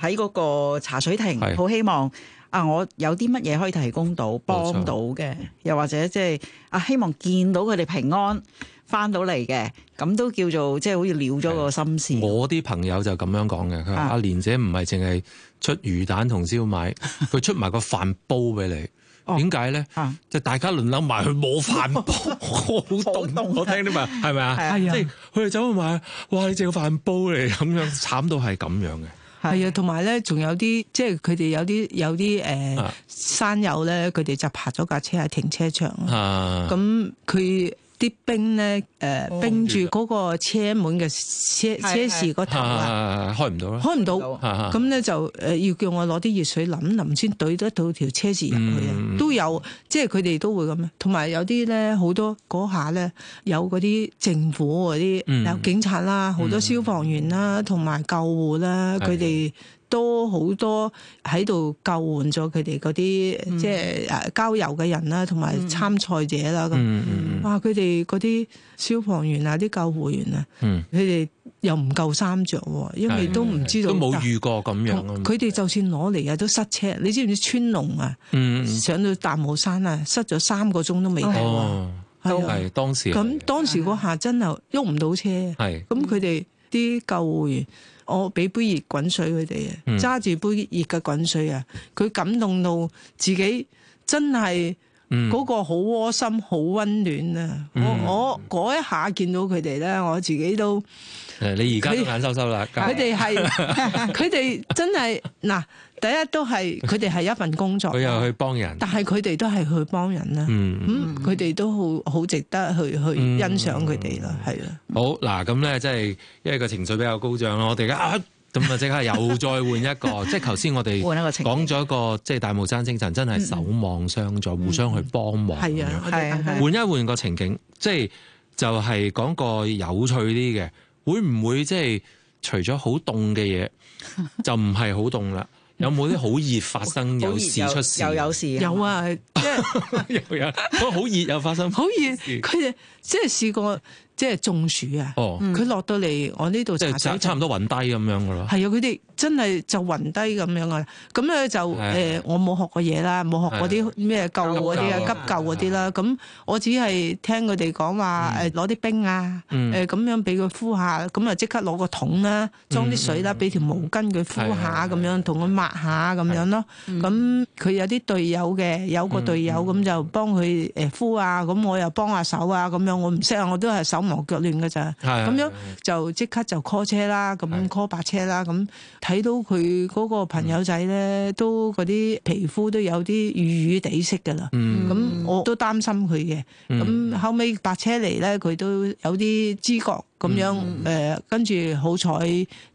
喺嗰個茶水亭，好希望啊，我有啲乜嘢可以提供到幫到嘅，又或者即係啊，希望見到佢哋平安。翻到嚟嘅，咁都叫做即係好似撩咗個心事。我啲朋友就咁樣講嘅，佢話阿蓮姐唔係淨係出魚蛋同燒賣，佢出埋個飯煲俾你。點解咧？就大家輪流埋去冇飯煲，好凍。我聽啲咪係咪啊？係啊，即係佢哋走去買，哇！你淨個飯煲嚟，咁樣慘到係咁樣嘅。係啊，同埋咧，仲有啲即係佢哋有啲有啲誒山友咧，佢哋就泊咗架車喺停車場。啊，咁佢。啲冰咧，誒，冰住嗰個車門嘅車車匙嗰頭啊，開唔到啦，開唔到，咁咧就誒，要叫我攞啲熱水淋淋先懟得到條車匙入去啊，都有，即係佢哋都會咁樣，同埋有啲咧，好多嗰下咧，有嗰啲政府嗰啲，有警察啦，好多消防員啦，同埋救護啦，佢哋。都好多喺度救援咗佢哋嗰啲即係誒郊遊嘅人啦，同埋參賽者啦。咁哇，佢哋嗰啲消防員啊，啲救護員啊，佢哋又唔夠衫著，因為都唔知道都冇遇過咁樣。佢哋就算攞嚟啊，都塞車。你知唔知川龍啊？上到大帽山啊，塞咗三個鐘都未到。都係當時咁當時嗰下真係喐唔到車。係咁，佢哋啲救護員。我俾杯熱滾水佢哋，揸住杯熱嘅滾水啊！佢感動到自己真係嗰個好窩心、好温暖啊！我我嗰一下見到佢哋咧，我自己都誒、嗯、你而家眼濕濕啦，佢哋係佢哋真係嗱。第一都係佢哋係一份工作，佢又去幫人，但係佢哋都係去幫人啦。佢哋都好好值得去去欣賞佢哋咯，係啊。好嗱，咁咧即係因為個情緒比較高漲咯。我哋而家咁啊即刻又再換一個，即係頭先我哋講咗一個即係大帽山精神，真係守望相助、互相去幫忙咁樣。換一換個情景，即係就係講個有趣啲嘅，會唔會即係除咗好凍嘅嘢，就唔係好凍啦？ 有冇啲好易發生好有事有出事？有啊。有有 即好熱又發生，好熱佢哋即係試過即係中暑啊！哦，佢落到嚟我呢度就差唔多暈低咁樣噶咯。係啊，佢哋真係就暈低咁樣噶咯！咁咧就誒，我冇學過嘢啦，冇學過嗰啲咩救嗰啲啊，急救嗰啲啦。咁我只係聽佢哋講話誒，攞啲冰啊誒，咁樣俾佢敷下，咁啊即刻攞個桶啦，裝啲水啦，俾條毛巾佢敷下咁樣，同佢抹下咁樣咯。咁佢有啲隊友嘅，有個。隊友咁就幫佢誒敷啊，咁我又幫下手啊，咁樣我唔識啊，我都係手忙腳亂嘅咋。咁樣就即刻就 call 車啦，咁 call 白車啦，咁睇到佢個朋友仔咧，都啲皮膚都有啲瘀瘀哋色嘅啦。咁我都擔心佢嘅。咁後尾白車嚟咧，佢都有啲知覺，咁樣誒，跟住好彩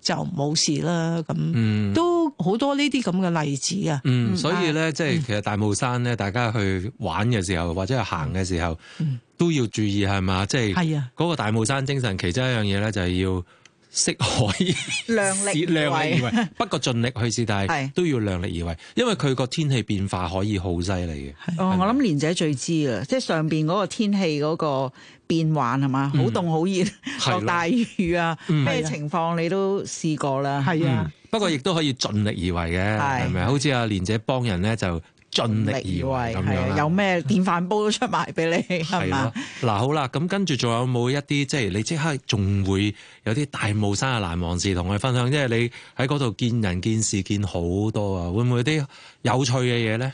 就冇事啦。咁都好多呢啲咁嘅例子啊。嗯，所以咧，即係其實大帽山咧，大家。去玩嘅時候或者去行嘅時候，都要注意係嘛？即係嗰個大帽山精神，其中一樣嘢咧就係要適可量力量力而為。不過盡力去試，但係都要量力而為，因為佢個天氣變化可以好犀利嘅。哦，我諗蓮姐最知啦，即係上邊嗰個天氣嗰個變幻係嘛，好凍好熱，落大雨啊，咩情況你都試過啦。係啊，不過亦都可以盡力而為嘅，係咪？好似阿蓮姐幫人咧就盡力而為，係啊的！樣有咩電飯煲都出賣俾你係嘛？嗱，好啦，咁跟住仲有冇一啲即係你即刻仲會有啲大帽山嘅難忘事同我哋分享？因為你喺嗰度見人見事見好多啊，會唔會啲有，有趣嘅嘢咧？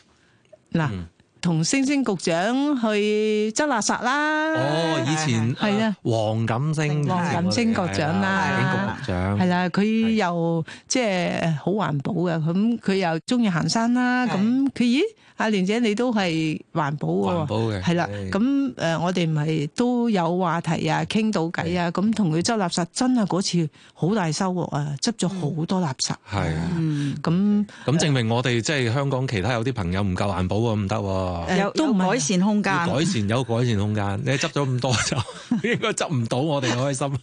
嗱啦。嗯同星星局長去執垃圾啦！哦，以前係啊，啊黃錦星，啊、黃錦星局長啦，警局局長啦，係啦、啊，佢又、啊、即係好環保嘅，咁佢又中意行山啦，咁佢、啊、咦？阿蓮姐，你都係環保喎，係啦。咁誒，我哋唔係都有話題啊，傾到偈啊。咁同佢執垃圾真係嗰次好大收穫啊，執咗好多垃圾。係啊，咁咁證明我哋即係香港其他有啲朋友唔夠環保喎，唔得喎。有都唔係改善空間。改善有改善空間，你執咗咁多就應該執唔到，我哋嘅開心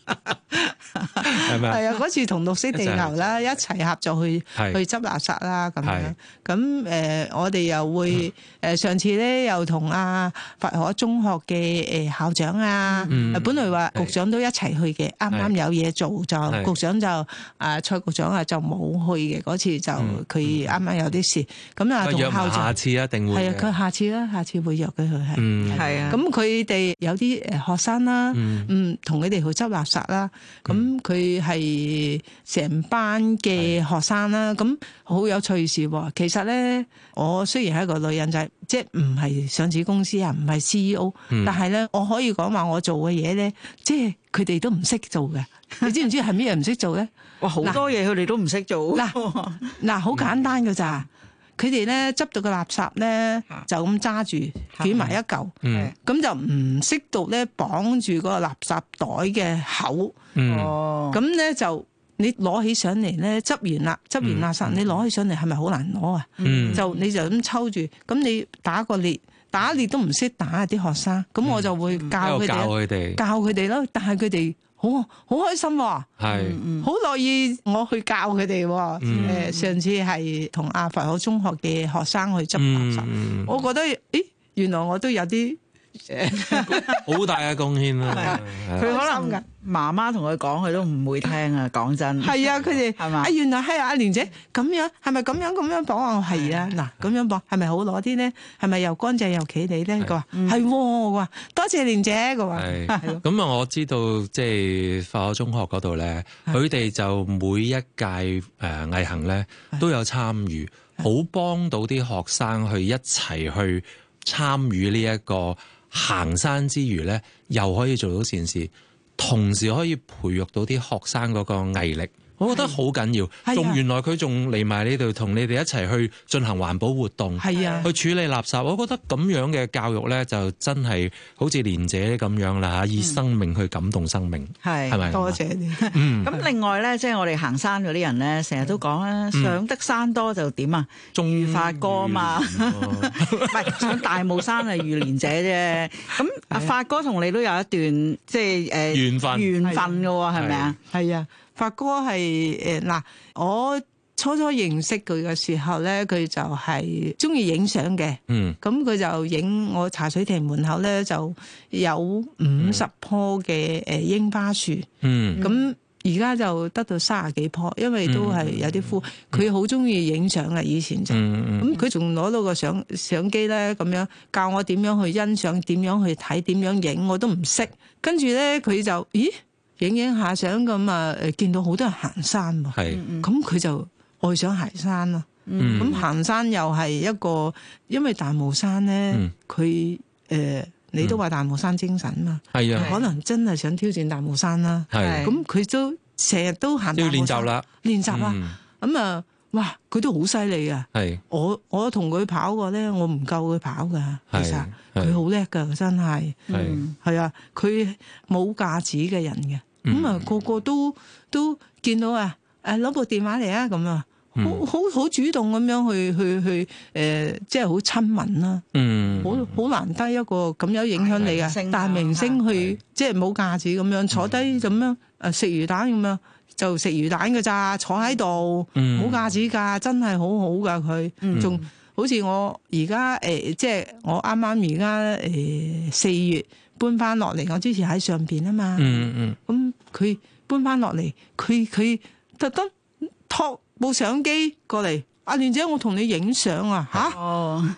係咪？係啊，嗰次同綠色地球啦一齊合作去去執垃圾啦，咁樣咁誒，我哋又會。誒，上次咧又同阿法可中學嘅誒校長啊，本來話局長都一齊去嘅，啱啱有嘢做就局長就誒蔡局長啊，就冇去嘅。嗰次就佢啱啱有啲事，咁啊同校長下次一定會，係佢下次啦，下次會約佢去，係係啊，咁佢哋有啲誒學生啦，嗯，同佢哋去執垃圾啦，咁佢係成班嘅學生啦，咁。好有趣事喎，啊！其實呢，我雖然係一個女人仔，就係即係唔係上市公司啊，唔係 CEO，但係呢，我可以講話我做嘅嘢呢，即係佢哋都唔識做嘅。你知唔知係咩嘢唔識做呢？哇！好多嘢佢哋都唔識做。嗱，好簡單㗎咋。佢哋呢執到個垃圾呢，就咁揸住捲埋一嚿，咁、嗯嗯、就唔識得呢綁住嗰個垃圾袋嘅口。咁呢、嗯，就、哦。嗯你攞起上嚟咧，執完啦，執完垃圾，嗯、你攞起上嚟係咪好難攞啊？嗯、就你就咁抽住，咁你打個裂，打裂都唔識打啲學生，咁我就會教佢哋，嗯、教佢哋咯。但係佢哋好好開心喎，係、好樂意我去教佢哋。誒、嗯，嗯、上次係同阿佛口中學嘅學生去執垃圾、嗯嗯嗯，我覺得，誒，原來我都有啲好大嘅貢獻啊！佢可能媽媽同佢講，佢都唔會聽啊！講真，係啊！佢哋係嘛？原來係阿蓮姐咁樣，係咪咁樣咁樣綁啊？係啊！嗱，咁樣綁係咪好攞啲呢？係咪又乾淨又企理呢？佢話係，佢話多謝蓮姐。佢話咁啊！我知道即係化學中學嗰度咧，佢哋就每一屆誒毅行咧都有參與，好幫到啲學生去一齊去參與呢一個，行山之餘咧，又可以做到善事，同時可以培育到啲學生嗰個毅力。我覺得好緊要，仲原來佢仲嚟埋呢度同你哋一齊去進行環保活動，去處理垃圾。我覺得咁樣嘅教育咧，就真係好似蓮姐咁樣啦嚇，以生命去感動生命，係咪？多謝。嗯。咁另外咧，即係我哋行山嗰啲人咧，成日都講啊，上得山多就點啊，中遇發哥嘛，唔係上大帽山啊遇蓮姐啫。咁阿發哥同你都有一段即係誒緣分緣分㗎喎，係咪啊？係啊。發哥係誒嗱，我初初認識佢嘅時候咧，佢就係中意影相嘅。嗯，咁佢就影我茶水亭門口咧，就有五十棵嘅誒櫻花樹。嗯，咁而家就得到三十幾棵，因為都係有啲枯。佢好中意影相嘅，以前就，咁佢仲攞到個相相機咧，咁樣教我點樣去欣賞，點樣去睇，點樣影我都唔識。跟住咧，佢就咦？影影下相咁啊！誒，見到好多人行山，咁佢就愛上行山啦。咁行山又係一個，因為大帽山咧，佢誒你都話大帽山精神啊嘛，可能真係想挑戰大帽山啦。咁佢都成日都行大帽山練習啦，練習啦。咁啊，哇！佢都好犀利啊！我我同佢跑過咧，我唔夠佢跑噶。其實佢好叻噶，真係係啊！佢冇架子嘅人嘅。咁啊，嗯嗯嗯、個個都都見到啊！誒攞部電話嚟啊。咁啊，嗯、好好好主動咁樣去去去誒，即係好親民啦、啊。嗯，好好難得一個咁樣影響你啊。但係、嗯嗯、明星去即係冇架子咁樣坐低咁樣誒食、啊、魚蛋咁樣就食魚蛋㗎咋，坐喺度冇架子㗎，真係好好㗎佢。仲好似我而家誒，即、呃、係、就是、我啱啱而家誒四月。呃四月嗯嗯搬翻落嚟，我之前喺上邊啊嘛。嗯嗯咁佢、嗯、搬翻落嚟，佢佢特登托部相機過嚟。阿蓮姐，我同你影相啊吓？啊啊哦。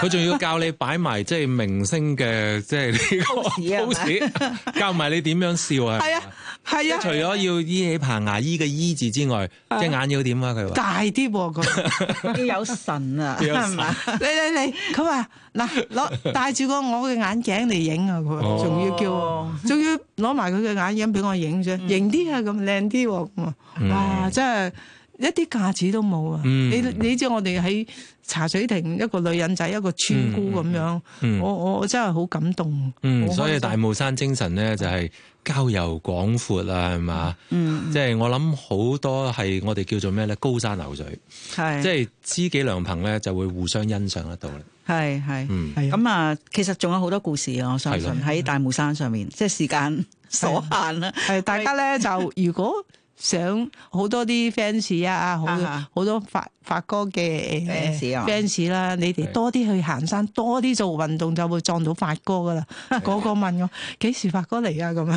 佢仲要教你擺埋即係明星嘅即係呢個 pose，教埋你點樣笑啊。係 啊。 係啊，除咗要醫起彭牙醫嘅醫字之外，隻、啊、眼要點啊？佢話大啲個，要有神啊，係嘛？ 你你你，佢話嗱攞戴住個我嘅眼鏡嚟影啊，佢仲、哦、要叫我，仲要攞埋佢嘅眼影俾我影咗，型啲啊，咁靚啲喎，哇、啊！啊啊嗯、真係～一啲架子都冇啊！你你知我哋喺茶水亭，一個女人仔，一個村姑咁樣，我我真係好感動。嗯，所以大帽山精神咧，就係交遊廣闊啊，係嘛？嗯，即係我諗好多係我哋叫做咩咧，高山流水，係，即係知己良朋咧，就會互相欣賞得到。係係，嗯，咁啊，其實仲有好多故事啊！我相信喺大帽山上面，即係時間所限啦。係大家咧，就如果。想好多啲 fans 啊，好好多發發哥嘅 fans 啦，你哋多啲去行山，多啲做運動，就會撞到發哥噶啦。個個問我幾時發哥嚟啊？咁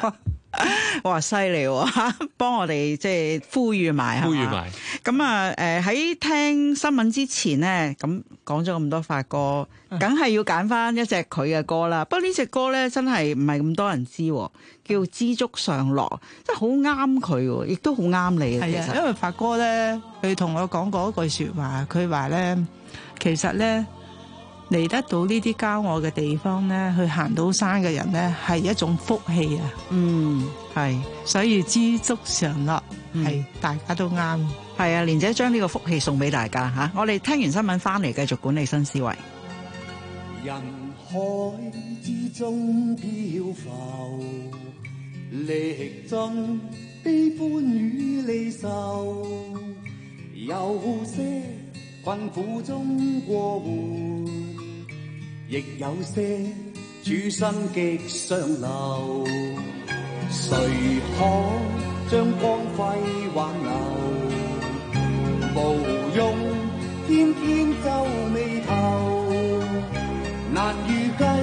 啊。 哇！犀利，幫我哋即係呼籲埋，呼籲埋。咁、呃、啊，誒喺聽新聞之前呢，咁講咗咁多發哥，梗係、嗯、要揀翻一隻佢嘅歌啦。不過呢隻歌呢，真係唔係咁多人知，叫《知足常樂》，即係好啱佢，亦都好啱你。係啊的，實因為發哥呢，佢同我講過一句說話，佢話呢，其實呢。嚟得到呢啲郊外嘅地方咧，去行到山嘅人咧，係一種福氣啊！嗯，係，所以知足常樂，係大家都啱。係啊，蓮姐將呢個福氣送俾大家吓，我哋聽完新聞翻嚟，繼續管理新思維。人海之中漂浮，歷盡悲歡與離愁，有些困苦中過活。亦有些主心極上流，誰可將光輝挽留？無用天天皺眉頭，難預計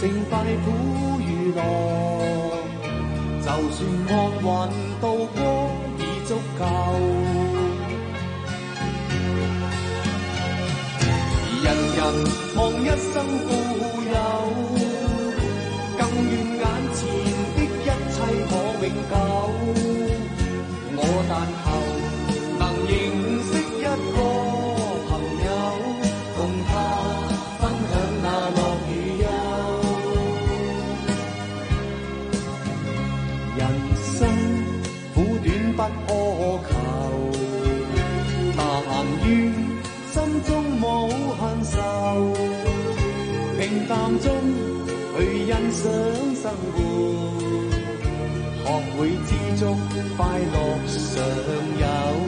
成敗苦與樂。就算惡運渡過，已足夠。人人望一生富有。淡中去欣賞生活，學會知足，快樂常有。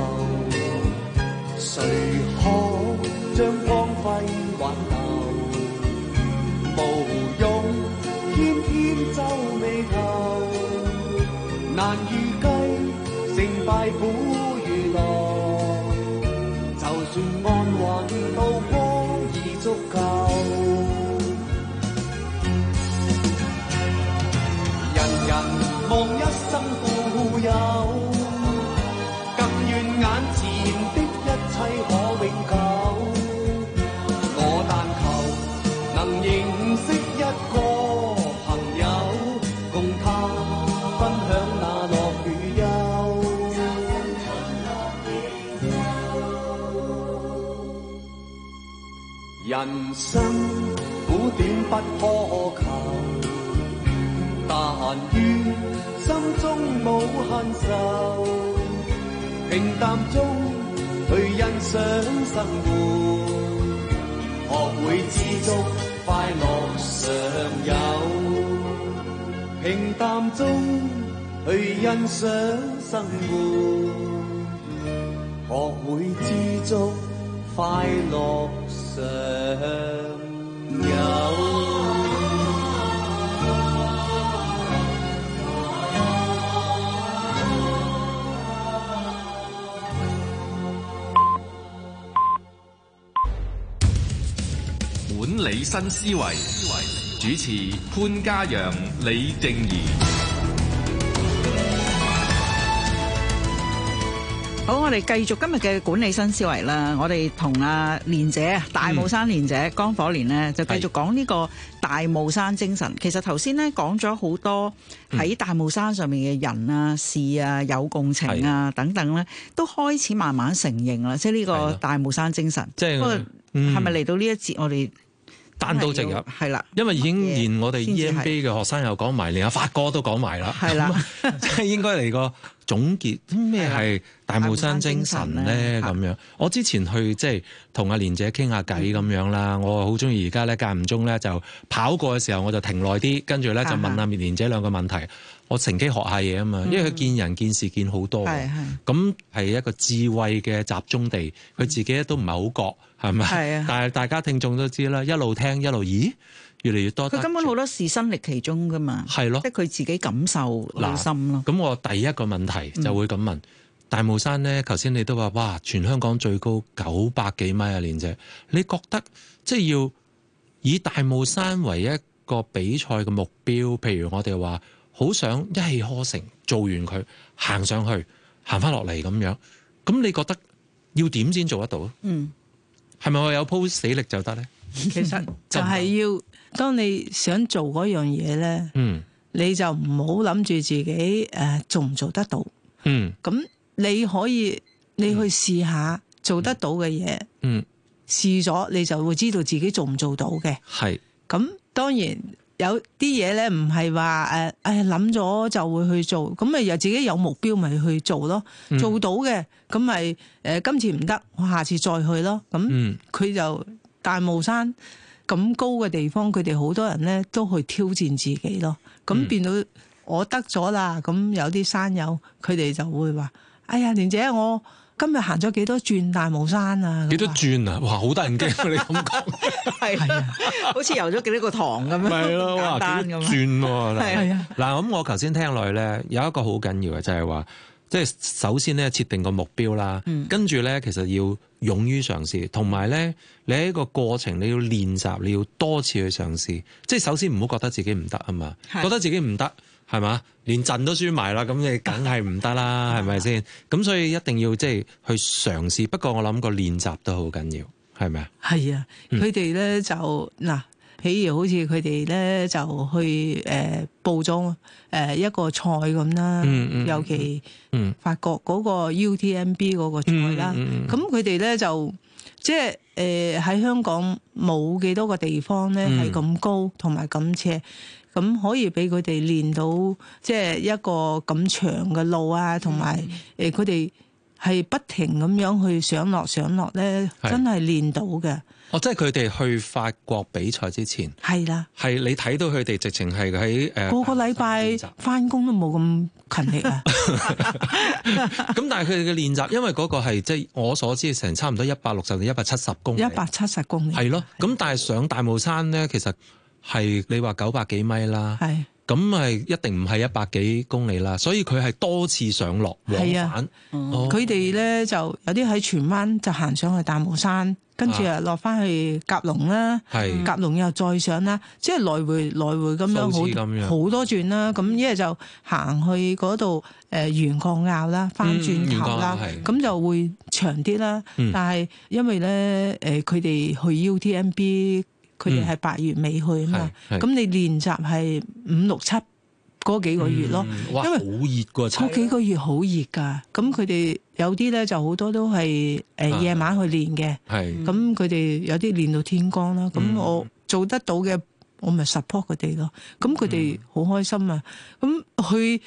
新思維，主持潘嘉揚、李靜宜。好，我哋繼續今日嘅管理新思維啦。我哋同阿蓮姐大帽山蓮姐、嗯、江火連呢，就繼續講呢個大帽山精神。是其實頭先呢，講咗好多喺大帽山上面嘅人啊、事啊、有共情啊、嗯、等等呢，都開始慢慢承認啦，即係呢個大帽山精神。即係的，係咪嚟到呢一節我哋？單刀直入係啦，因為已經連我哋 EMBA 嘅學生又講埋，連阿發哥都講埋啦，係啦，真係應該嚟個總結咩係的麼大帽山精神咧咁的樣。我之前去即係同阿蓮姐傾下偈咁樣啦，的我好中意而家咧間唔中咧就跑過嘅時候，我就停耐啲，跟住咧就問阿蓮姐兩個問題。我乘機學下嘢啊嘛，因為佢見人、嗯、見事見好多嘅，咁係一個智慧嘅集中地。佢、嗯、自己都唔係好覺，係咪？係啊。但係大家聽眾都知啦，一路聽一路咦，越嚟越多。佢根本好多事身歷其中噶嘛，係咯，即係佢自己感受留心咯。咁我第一個問題就會咁問、嗯、大霧山大帽山咧，頭先你都話哇，全香港最高九百幾米啊，連者蓮姐你覺得即係要以大霧山大帽山為一個比賽嘅目標，譬如我哋話。好想一氣呵成做完佢行上去行翻落嚟咁樣，咁你覺得要點先做得到咧？嗯，係咪我有鋪死力就得呢？其實就係要 當你想做嗰樣嘢呢，嗯，你就唔好諗住自己誒、呃、做唔做得到，嗯，咁你可以你去試下做得到嘅嘢、嗯，嗯，試咗你就會知道自己做唔做到嘅，係，咁當然。有啲嘢咧，唔係話誒，哎諗咗就會去做，咁咪又自己有目標咪去做咯，做到嘅，咁咪誒今次唔得，我下次再去咯。咁佢就大帽山咁高嘅地方，佢哋好多人咧都去挑戰自己咯。咁變到我得咗啦，咁有啲山友佢哋就會話，哎呀，蓮姐我。今日行咗幾多轉大帽山啊？幾多轉啊？哇！好得人驚， 你咁講，係啊， 好似游咗幾多個堂咁樣，幾多轉喎？係啊，嗱咁，我頭先聽落去咧，有一個好緊要嘅，就係話，即係首先咧設定個目標啦，跟住咧其實要勇於嘗試，同埋咧你喺個過程你要練習，你要多次去嘗試，即係首先唔好覺得自己唔得 啊嘛，覺得自己唔得。係嘛？連陣都輸埋啦，咁你梗係唔得啦，係咪先？咁、啊、所以一定要即係、就是、去嘗試。不過我諗個練習都好緊要，係咪啊？係啊、嗯！佢哋咧就嗱，譬如好似佢哋咧就去誒、呃、報咗誒、呃、一個賽咁啦。嗯嗯嗯、尤其嗯法國嗰個 UTMB 嗰個賽啦、嗯。嗯咁佢哋咧就即係誒喺香港冇幾多個地方咧係咁高同埋咁斜。嗯咁可以俾佢哋練到即係一個咁長嘅路啊，同埋誒佢哋係不停咁樣去上落上落咧，真係練到嘅。哦、喔，即係佢哋去法國比賽之前係啦，係的你睇到佢哋直情係喺誒嗰個禮拜翻工都冇咁勤力啊。咁但係佢哋嘅練習，因為嗰個係即係我所知，成差唔多一百六十到一百七十公里，一百七十公里係咯。咁 但係上大帽山咧，其實。係你話九百幾米啦，咁係一定唔係一百幾公里啦，所以佢係多次上落往返，佢哋咧就有啲喺荃灣就行上去大帽山，跟住啊落翻去甲龍啦，甲龍又再上啦，即係來回來回咁樣好多好多轉啦，咁一係就行去嗰度誒鉛礦坳啦，翻轉頭啦，咁就會長啲啦。但係因為咧誒佢哋去 U T M B。佢哋係八月尾去啊嘛，咁你練習係五六七嗰幾個月咯。因為的！好熱噶，嗰幾個月好熱噶。咁佢哋有啲咧就好多都係誒夜晚去練嘅。係是。咁佢哋有啲練到天光啦。咁、嗯、我做得到嘅，我咪 support 佢哋咯。咁佢哋好開心啊！咁、嗯、去誒、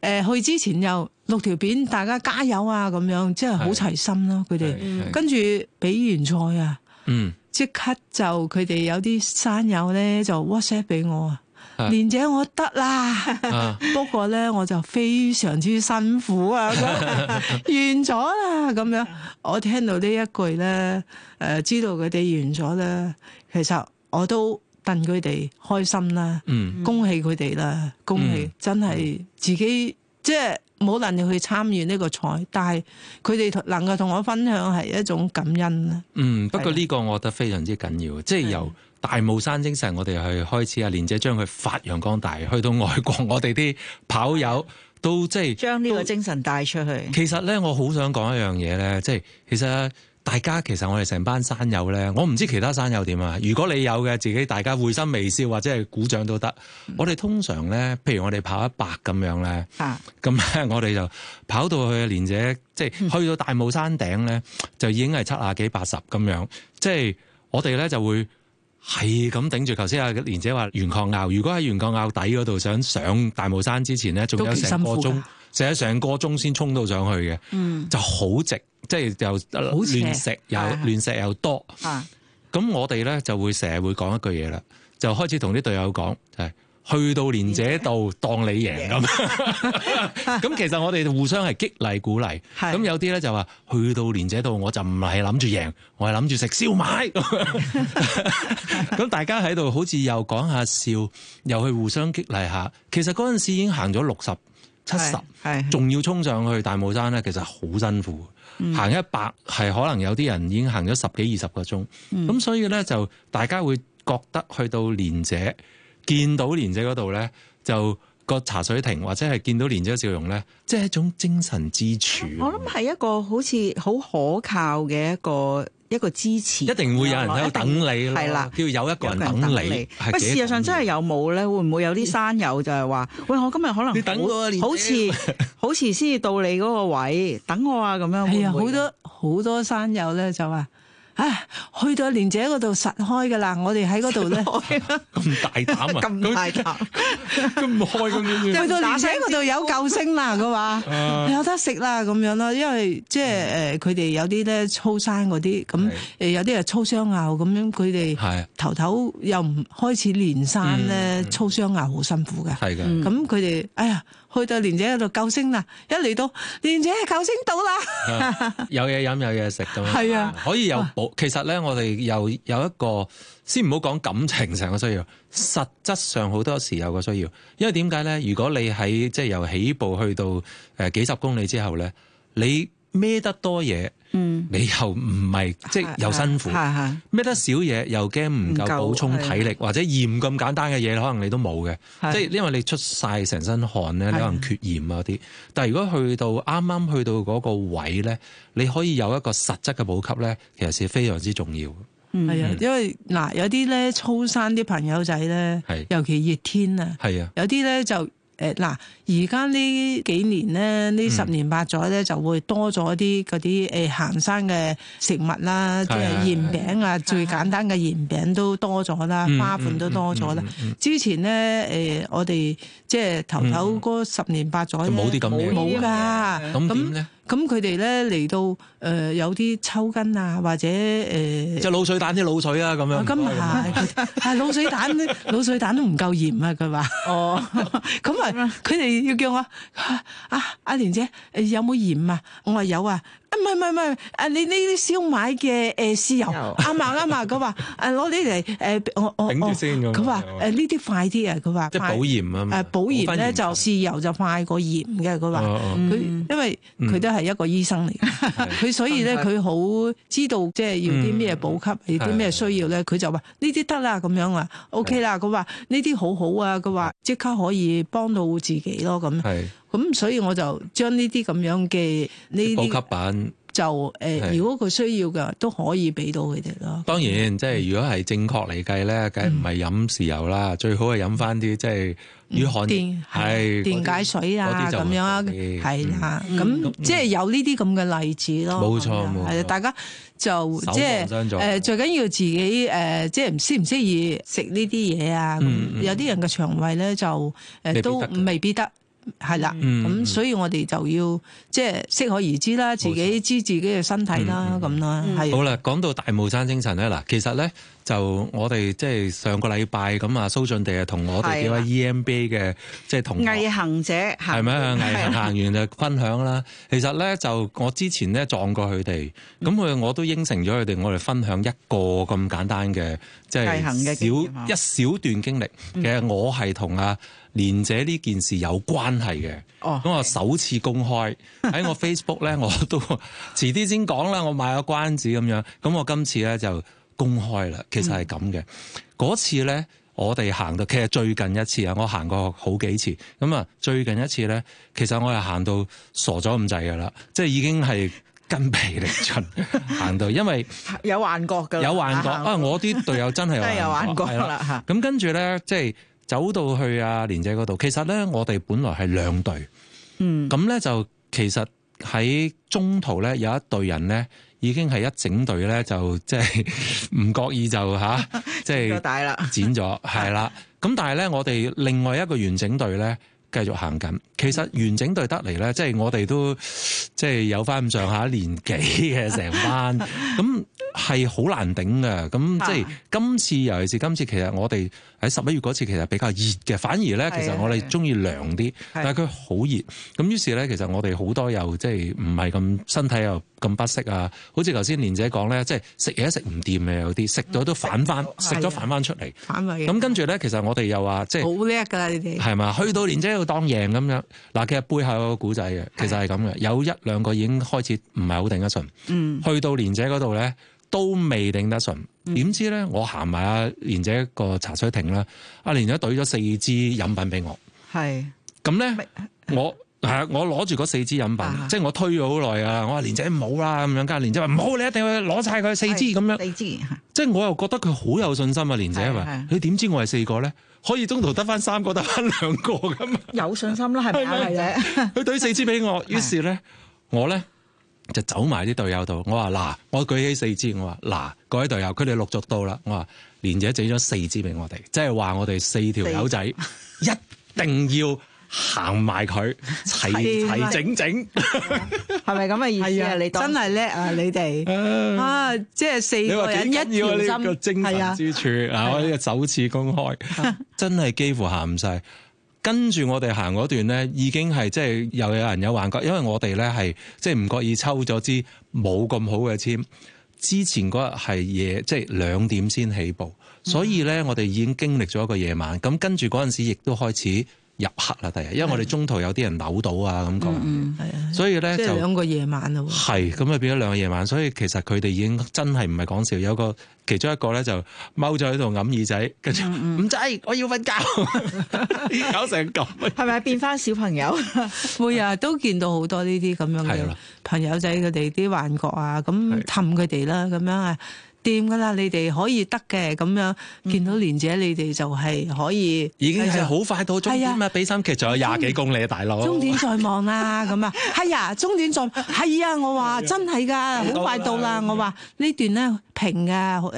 呃、去之前又錄條片，大家加油啊！咁樣即係好齊心啦。佢哋跟住比完賽啊。嗯。即刻就佢哋有啲山友咧就 WhatsApp 俾我，是者我啊，蓮姐我得啦，不過咧我就非常之辛苦啊， 完咗啦咁樣，我聽到呢一句咧，誒、呃、知道佢哋完咗咧，其實我都戥佢哋開心啦，嗯、恭喜佢哋啦，恭喜，真係自己、嗯嗯、即係。冇能力去參與呢個賽，但係佢哋能夠同我分享係一種感恩啦。嗯，不過呢個我覺得非常之緊要，即係的由大帽山精神，我哋去開始啊，蓮姐的將佢發揚光大，去到外國，的我哋啲跑友都即係、就是、將呢個精神帶出去。其實咧，我好想講一樣嘢咧，即、就、係、是、其實。大家其實我哋成班山友咧，我唔知其他山友點啊。如果你有嘅，自己大家會心微笑或者係鼓掌都得。嗯、我哋通常咧，譬如我哋跑一百咁樣咧，咁咧、啊、我哋就跑到去蓮姐，即係去到大帽山頂咧，嗯、就已經係七啊幾八十咁樣。即係我哋咧就會係咁頂住。頭先阿蓮姐話鉛礦坳，如果喺鉛礦坳底嗰度想上大帽山之前咧，仲有成個鐘，成個成個鐘先衝到上去嘅，嗯、就好值。即係又亂食又亂食又多，咁我哋咧就會成日會講一句嘢啦，就開始同啲隊友講，係去到蓮姐度當你贏咁。咁其實我哋互相係激勵鼓勵，咁有啲咧就話去到蓮姐度，我就唔係諗住贏，我係諗住食燒賣。咁大家喺度好似又講下笑，又去互相激勵下。其實嗰陣時已經行咗六十、七十，係仲要衝上去大帽山咧，其實好辛苦。嗯、行一百係可能有啲人已經行咗十幾二十個鐘，咁、嗯、所以咧就大家會覺得去到蓮姐，見到蓮姐嗰度咧，就個茶水亭或者係見到蓮姐嘅笑容咧，即係一種精神支柱。我諗係一個好似好可靠嘅一個。一個支持，一定會有人喺度等你咯，係啦了，要有一個人等你。不過事實上真係有冇咧？ 會唔會有啲山友就係話：喂，我今日可能你等、啊、好似好似先至到你嗰個位，等我啊咁樣？係啊，好多好多山友咧就話。啊！去到蓮姐嗰度實開㗎啦，我哋喺嗰度咧，咁 大膽啊！咁 大膽都唔開咁啲嘢。 去到蓮姐嗰度有救星啦，佢話、uh, 有得食啦，咁樣咯。因為即係誒，佢、呃、哋、嗯、有啲咧粗生嗰啲，咁誒是、呃、有啲係粗雙拗咁樣，佢哋頭頭又唔開始練山咧，嗯嗯、粗雙拗好辛苦嘅。係嘅的。咁佢哋哎呀、呃、～哎、呃哎呃去到蓮姐嗰度救星啦！一嚟到蓮姐救星到啦 有嘢飲有嘢食咁樣。係是啊， 可以有補。其實咧，我哋又有一個先唔好講感情上嘅需要，實質上好多時候有個需要。因為點解咧？如果你喺即係由起步去到誒幾十公里之後咧，你孭得多嘢。嗯你又唔係即係又辛苦，孭得少嘢又驚唔夠補充體力，或者鹽咁簡單嘅嘢，可能你都冇嘅。係啊，即係因為你出晒成身汗咧，你可能缺鹽啊啲。但係如果去到啱啱去到嗰個位咧，你可以有一個實質嘅補給咧，其實是非常之重要嘅。係啊，嗯、因為嗱有啲咧粗生啲朋友仔咧，尤其熱天啊，係啊，有啲咧就。誒嗱，而家呢幾年咧，呢十年八載咧，就會多咗啲嗰啲誒行山嘅食物啦，即係、嗯、鹽餅啊，嗯、最簡單嘅鹽餅都多咗啦，嗯、花款都多咗啦。嗯嗯嗯、之前咧誒，嗯呃、我哋即係頭頭嗰十年八載冇啲咁冇啦。咁點咁佢哋咧嚟到，誒、呃、有啲抽筋啊，或者誒，即係鹵水蛋即啲鹵水啊，咁樣。咁係係鹵水蛋，鹵 水蛋都唔夠鹽啊！佢話。哦。咁 啊，佢哋要叫我啊，阿、啊、蓮姐，啊、有冇鹽啊？我話有啊。唔係唔係唔係，啊！你呢啲燒賣嘅誒豉油，啱嘛，啱嘛。佢話誒攞呢嚟誒，我我頂住先咁。佢話誒呢啲快啲啊！佢話即係補鹽啊嘛。誒補鹽咧就豉油就快過鹽嘅。佢話佢因為佢都係一個醫生嚟，佢所以咧佢好知道即係要啲咩補給，要啲咩需要咧。佢就話呢啲得啦咁樣啊，OK 啦。佢話呢啲好好啊，佢話即刻可以幫到自己咯咁。咁所以我就將呢啲咁樣嘅呢啲補給品就誒，如果佢需要嘅都可以俾到佢哋咯。當然，即係如果係正確嚟計咧，梗係唔係飲豉油啦，最好係飲翻啲即係魚汗定係電解水啊咁樣。係嚇，咁即係有呢啲咁嘅例子咯。冇錯，係大家就即係誒，最緊要自己誒，即係唔適唔適宜食呢啲嘢啊。有啲人嘅腸胃咧就誒都未必得。係啦，咁所以我哋就要即係適可而止啦，自己知自己嘅身體啦，咁啦，係。好啦，講到大帽山精神咧，嗱，其實咧就我哋即係上個禮拜咁啊，蘇俊地啊同我哋幾位 EMBA 嘅即係毅行者係咪啊？毅行完就分享啦。其實咧就我之前咧撞過佢哋，咁佢我都應承咗佢哋，我哋分享一個咁簡單嘅即係毅行嘅小一小段經歷嘅。我係同啊。蓮姐呢件事有關係嘅，咁、oh, 是我首次公開喺 我 Facebook 咧，我都遲啲先講啦，我買個關子咁樣。咁我今次咧就公開啦，其實係咁嘅。嗰、嗯、次咧，我哋行到其實最近一次啊，我行過好幾次。咁啊，最近一次咧，其實我係行到傻咗咁滯嘅啦，即係已經係筋疲力盡行到，因為有幻覺嘅，有幻覺啊！我啲、哎、隊友真係真係是有幻覺啦。咁跟住咧，就是、即係。走到去阿、啊、蓮姐嗰度，其實咧我哋本來係兩隊，嗯，咁咧就其實喺中途咧有一隊人咧已經係一整隊咧就即係唔覺意就嚇、是，即 係、啊就是、剪咗，係啦。 咁但係咧我哋另外一個完整隊咧繼續行緊。其實完整隊得嚟咧，即係、嗯、我哋都即係、就是、有翻咁上下年紀嘅成班咁。 係好難頂嘅，咁即係今次尤其是今次，其實我哋喺十一月嗰次其實比較熱嘅，反而咧其實我哋中意涼啲，但係佢好熱。咁於是咧，其實我哋好是的 多又即係唔係咁身體又咁不適啊。好似頭先連姐講咧，即係食嘢食唔掂嘅有啲，食咗物都反翻，食咗反翻出嚟。反胃。咁跟住咧，呢的其實我哋又話即係好叻㗎喇，你哋係嘛？去到連姐度當贏咁樣。嗱，其實背後有個古仔嘅，其實係咁嘅。有一兩個已經開始唔係好頂得順，的去到連姐嗰度咧。都未定得順，點知咧？我行埋阿蓮姐個茶水亭啦，阿蓮姐兌咗四支飲品俾我，係咁咧，我係我攞住嗰四支飲品，即係我推咗好耐啊！我話蓮姐冇啦咁樣，跟住蓮姐話唔好，你一定要攞晒佢四支咁樣，四支，即係我又覺得佢好有信心啊，蓮姐啊，佢點知我係四個咧？可以中途得翻三個，得翻兩個嘅嘛？有信心啦，係咪啊，或佢兌四支俾我，於是咧，我咧。就走埋啲隊友度，我話嗱、啊，我舉起四支，我話嗱、啊，各位隊友，佢哋陸續到啦，我話蓮姐整咗四支俾我哋，即係話我哋四條友仔一定要行埋佢齊齊整整，整，係咪咁嘅意思啊？你真係叻啊！ 你哋啊，即係四個人你、啊、一要條針，係啊，精神之處我呢個，首次公開，是的 真係幾乎行唔晒。跟住我哋行嗰段呢，已經係即係又有人有幻覺，因為我哋呢係即係唔覺意抽咗支冇咁好嘅簽。之前嗰日係夜，即係兩點先起步，所以呢，我哋已經經歷咗一個夜晚。咁跟住嗰陣時，亦都開始。入黑啦，第日，因為我哋中途有啲人扭到啊，咁講，所以咧就兩個夜晚咯。係咁啊，變咗兩個夜晚，所以其實佢哋已經真係唔係講笑，有個其中一個咧就踎咗喺度揞耳仔，跟住唔制，我要瞓覺，搞成咁，係咪變翻小朋友？每日都見到好多呢啲咁樣嘅朋友仔，佢哋啲幻覺啊，咁氹佢哋啦，咁樣啊。掂噶啦，你哋可以得嘅咁樣，見到蓮姐你哋就係可以，已經係好快到終點啊！比心騎仲有廿幾公里啊，大佬！終點在望啦，咁啊，係啊，終點在望，係啊，我話真係噶，好快到啦，我話呢段咧平啊，誒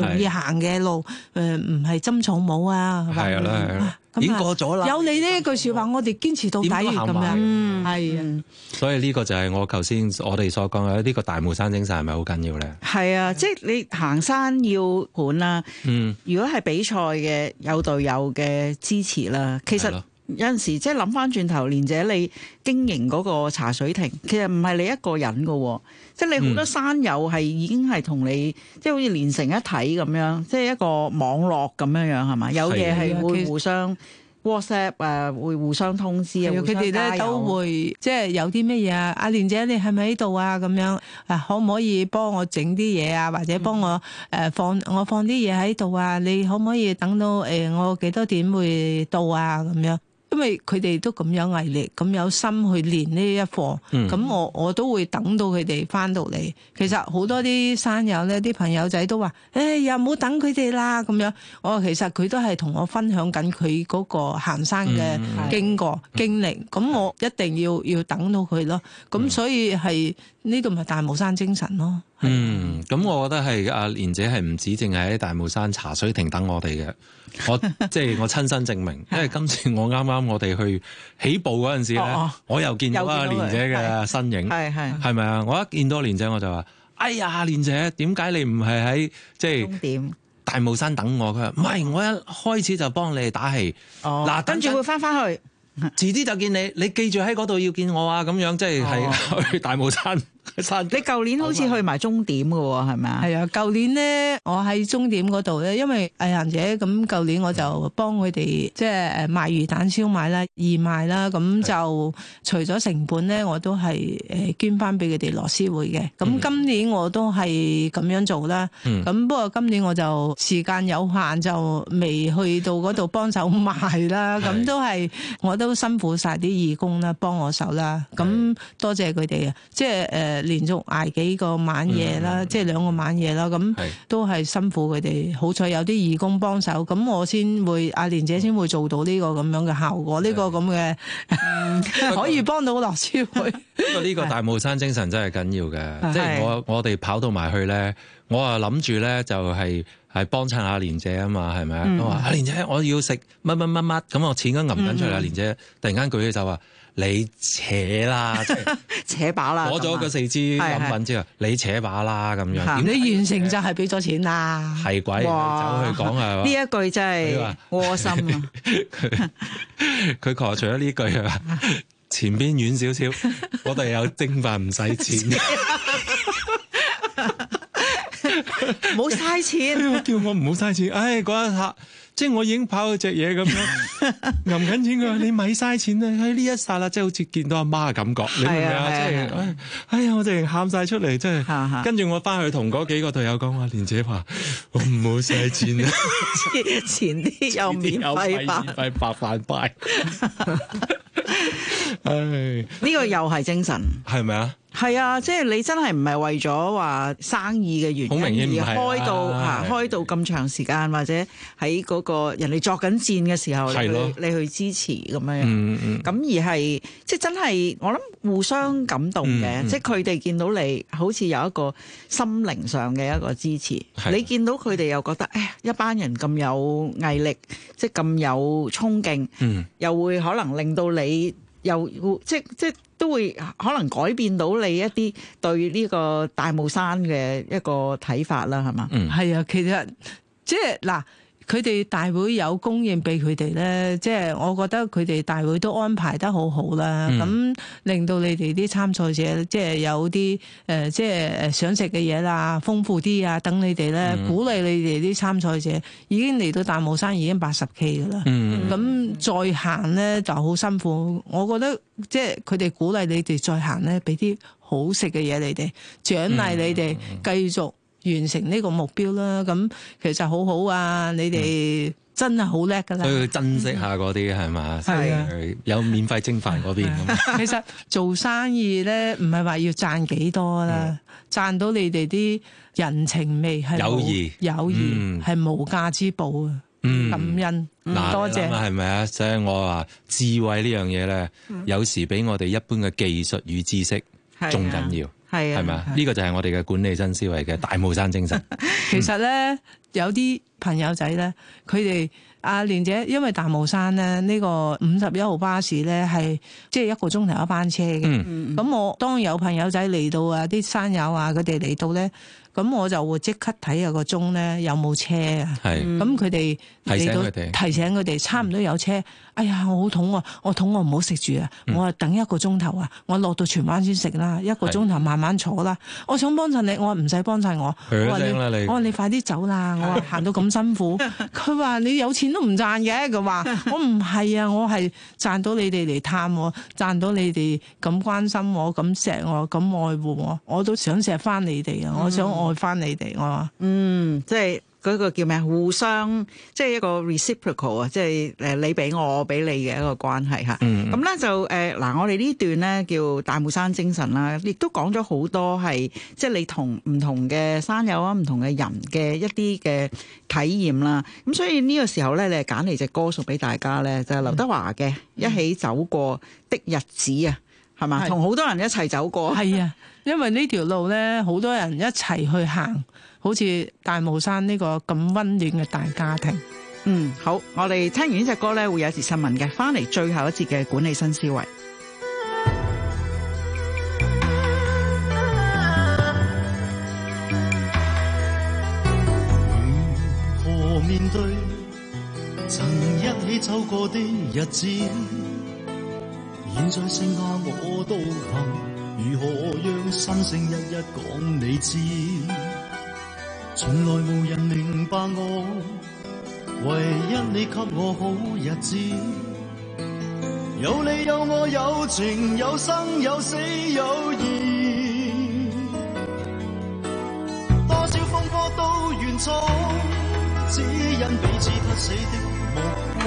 容易行嘅路，誒唔係針草帽啊，係啦係啊。已經過咗啦，有你呢一句說話，說我哋堅持到底咁樣，嗯，係啊，所以呢個就係我頭先我哋所講嘅呢個大帽山精神係咪好緊要咧？係啊，即係你行山要盤啦，嗯，如果係比賽嘅，有隊友嘅支持啦，其實。有陣時即係諗翻轉頭，連姐你經營嗰個茶水亭，其實唔係你一個人噶，即係你好多山友係已經係同你，即係好似連成一體咁樣，即係一個網絡咁樣樣係嘛？的有嘢係會互相 WhatsApp 誒、啊，會互相通知啊。佢哋咧都會即係有啲乜嘢啊？阿連姐你係咪喺度啊？咁樣啊，可唔可以幫我整啲嘢啊？或者幫我誒、啊、放我放啲嘢喺度啊？你可唔可以等到誒、呃、我幾多點會到啊？咁樣。因為佢哋都咁有毅力，咁有心去練呢一課，咁、嗯、我我都會等到佢哋翻到嚟。其實好多啲山友呢，啲、嗯、朋友仔都話：誒、哎，又唔好等佢哋啦。咁樣，我話其實佢都係同我分享緊佢嗰個行山嘅經過、嗯、經歷。咁我一定要的要等到佢咯。咁所以係呢度咪大帽山精神咯。嗯，咁我覺得係阿蓮姐係唔止淨係喺大帽山茶水亭等我哋嘅。我即係我親身證明，因為今次我啱啱我哋去起步嗰陣時咧，我又見到阿蓮姐嘅身影，係係係咪啊？我一見到蓮姐我就話：哎呀，蓮姐，點解你唔係喺即係大帽山等我？佢話唔係，我一開始就幫你打氣，嗱，跟住會翻翻去，遲啲就見你，你記住喺嗰度要見我啊！咁樣即係係去大帽山。 你舊年好似去埋終點㗎喎，係咪啊？係啊，舊年咧，我喺終點嗰度咧，因為毅、哎、行者咁，舊年我就幫佢哋的即係誒賣魚蛋燒賣啦、義賣啦，咁就除咗成本咧，我都係誒捐翻俾佢哋樂施會嘅。咁今年我都係咁樣做啦。咁、嗯、不過今年我就時間有限，就未去到嗰度幫手賣啦。咁的都係我都辛苦晒啲義工啦，幫我手啦。咁多謝佢哋啊，即係誒。呃連續挨幾個晚夜啦，即係兩個晚夜啦，咁都係辛苦佢哋。好彩有啲義工幫手，咁我先會阿蓮姐先會做到呢個咁樣嘅效果，呢個咁嘅可以幫到樂施會。呢個大帽山精神真係緊要嘅，即係我我哋跑到埋去咧，我啊諗住咧就係係幫襯阿蓮姐啊嘛，係咪啊？我話阿蓮姐，我要食乜乜乜乜，咁我錢咁揞緊出嚟。阿蓮姐突然間舉起手話。你扯啦，就是， 扯把啦，攞咗個四支飲品之後，是是你扯把啦咁樣。你完成就係俾咗錢啦，係鬼哇走去講係咪？呢一句真係窩心啊！佢佢確除咗呢句啊，前邊遠少少，我哋有蒸飯唔使錢，冇嘥錢，叫我唔好嘥錢。唉，嗰一刻。即係我已經跑到隻嘢咁樣，揞緊錢佢，話，你咪嘥錢啊。喺、哎、呢一剎啦，即係好似見到阿媽嘅感覺，你明唔明啊？啊即係，哎呀、哎，我哋喊晒出嚟，即係，啊、跟住我翻去同嗰幾個隊友講話，蓮姐話：唔好嘥錢啊， 前啲又免費白， 白白飯拜。唉、 哎，呢個又係精神，係咪啊？係啊，即係你真係唔係為咗話生意嘅原因而開到嚇、啊啊、開到咁長時間，或者喺嗰個人哋作緊戰嘅時候的你，你去支持咁樣的樣，咁、嗯嗯、而係即係真係我諗互相感動嘅，嗯嗯嗯、即係佢哋見到你好似有一個心靈上嘅一個支持，的你見到佢哋又覺得誒一班人咁有毅力，即係咁有衝勁，嗯、又會可能令到你。又即即都會可能改變到你一啲對呢個大帽山嘅一個睇法啦，係嘛？嗯，係啊，其實即係嗱。佢哋大會有供應俾佢哋呢，即係我覺得佢哋大會都安排得好好啦。咁令到你哋啲參賽者，即係有啲誒、呃，即係想食嘅嘢啦，豐富啲啊，等你哋呢，鼓勵你哋啲參賽者，已經嚟到大帽山已經八十 K 噶啦。咁、嗯嗯、再行呢，就好辛苦，我覺得即係佢哋鼓勵你哋再行呢，俾啲好食嘅嘢你哋，獎勵你哋繼續。完成呢個目標啦，咁其實好好啊！你哋真係好叻噶啦，所以要珍惜下嗰啲係嘛？係有免費蒸飯嗰邊。其實做生意咧，唔係話要賺幾多啦，賺到你哋啲人情味係友誼，友誼係無價之寶啊！感恩多謝。係咪啊？所以我話智慧呢樣嘢咧，有時比我哋一般嘅技術與知識仲緊要。係啊，呢個就係我哋嘅管理新思維嘅大帽山精神。 其實咧，有啲朋友仔咧，佢哋阿蓮姐，因為大帽山咧呢，呢個五十一號巴士咧係即係一個鐘頭一班車嘅。咁 我當有朋友仔嚟到啊，啲山友啊，佢哋嚟到咧。咁我就會即刻睇下個鐘咧有冇車啊！咁佢哋提醒提醒佢哋差唔多有車。哎呀，我好肚餓喎！我肚餓我唔好食住啊！我啊等一個鐘頭啊！我落到荃灣先食啦，一個鐘頭慢慢坐啦。我想幫襯你，我唔使幫襯我。我話你快啲走啦！我話行到咁辛苦。佢話你有錢都唔賺嘅。佢話我唔係啊！我係賺到你哋嚟探我，賺到你哋咁關心我、咁錫我、咁愛護我，我都想錫返你哋啊！我想我愛翻你哋，我，嗯，即係嗰個叫咩互相即係、就是、一個 reciprocal 啊，即係誒你俾我，我俾你嘅一個關係吓。咁咧、嗯、就誒嗱、呃，我哋呢段咧叫大帽山精神啦，亦都講咗好多係即係你同唔同嘅山友啊，唔同嘅人嘅一啲嘅體驗啦。咁所以呢個時候咧，你係揀嚟隻歌送俾大家咧，就係、是、劉德華嘅《嗯、一起走過的日子》啊。係嘛？同好是多人一齊走過。係啊，因為呢條路咧，好多人一齊去行，好似大帽山呢個咁溫暖嘅大家庭。嗯，好，我哋聽完呢隻歌咧，會有一節新聞嘅，翻嚟最後一節嘅管理新思維。如何，嗯、面對曾一起走過的日子？現在剩下我獨行，如何讓心聲一一講你知？從來無人明白我，唯一你給我好日子。有你有我有情有生有死有義，多少風波都願闖，只因彼此不死的目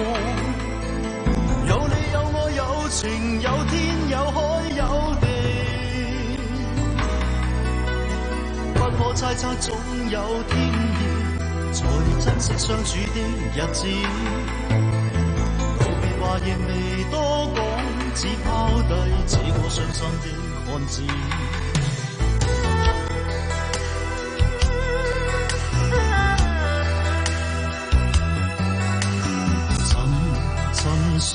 光。有你有我有情有天有海有地，不可猜測總有天意，才珍惜相處的日子，道別話亦未多講，只拋低這個傷心的漢子。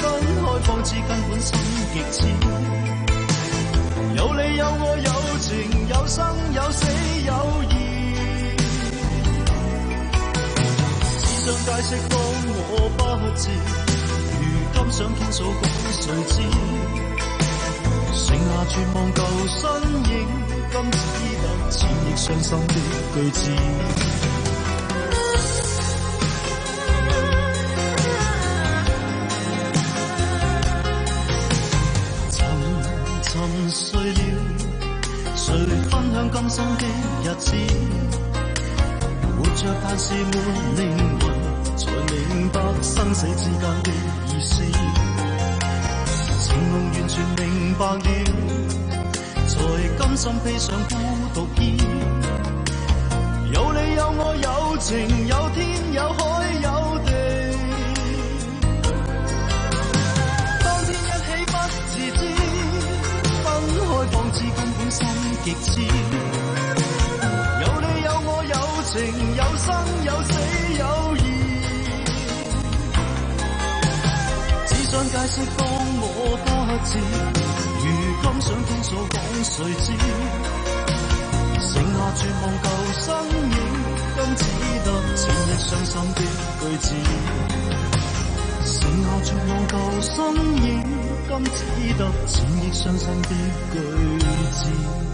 分開方知根本心極痴，有你有我有情有生有死有義。只想解釋，當我不智，如今想傾訴，講誰知？剩下絕望舊身影，今只得千億傷心的句子。活着但是沒靈魂，才明白生死之間的意思。情濃完全明白了，才甘心披上孤獨衣。有你有愛有情有天有海有地，當天一起不自知，分開，方知根本心極痴。有情有生有死有義，只想解釋當我不智。如今想傾訴講誰知，剩下絕望舊身影，今只得千億傷心的句子，剩下絕望舊身影，今只得千億傷心的句子。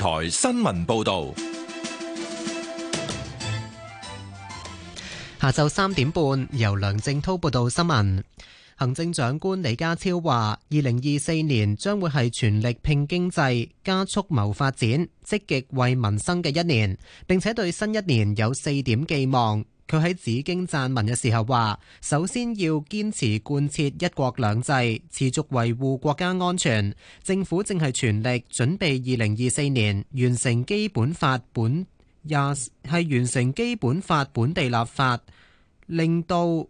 台新聞報導，下晝三點半由梁正滔報道新聞。行政長官李家超話：二零二四年將會係全力拼經濟、加速謀發展、積極為民生嘅一年，並且對新一年有四點寄望。佢喺紫荊撰文嘅時候話：首先要堅持貫徹一國兩制，持續維護國家安全。政府正係全力準備二零二四年完成基本法本廿，係、yes, 完成基本法本地立法，令到。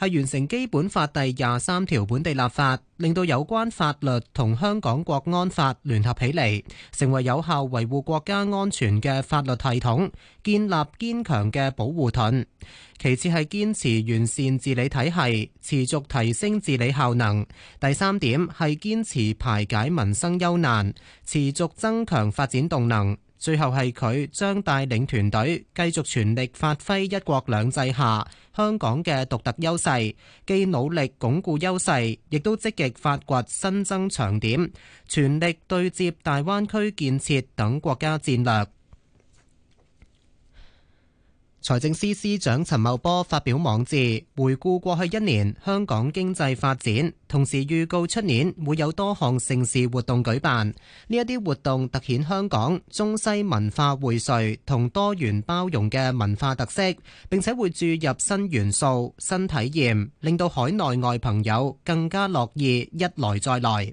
係完成基本法第廿三條本地立法，令到有關法律同香港國安法聯合起嚟，成為有效維護國家安全嘅法律系統，建立堅強嘅保護盾。其次係堅持完善治理體系，持續提升治理效能。第三點係堅持排解民生憂難，持續增強發展動能。最後係佢將帶領團隊繼續全力發揮一國兩制下香港嘅獨特優勢，既努力鞏固優勢，亦都積極發掘新增長點，全力對接大灣區建設等國家戰略。財政司司長陳茂波發表網誌，回顧過去一年香港經濟發展，同時預告出年會有多項盛事活動舉辦。呢一啲活動突顯香港中西文化薈萃同多元包容嘅文化特色，並且會注入新元素、新體驗，令到海內外朋友更加樂意一來再來。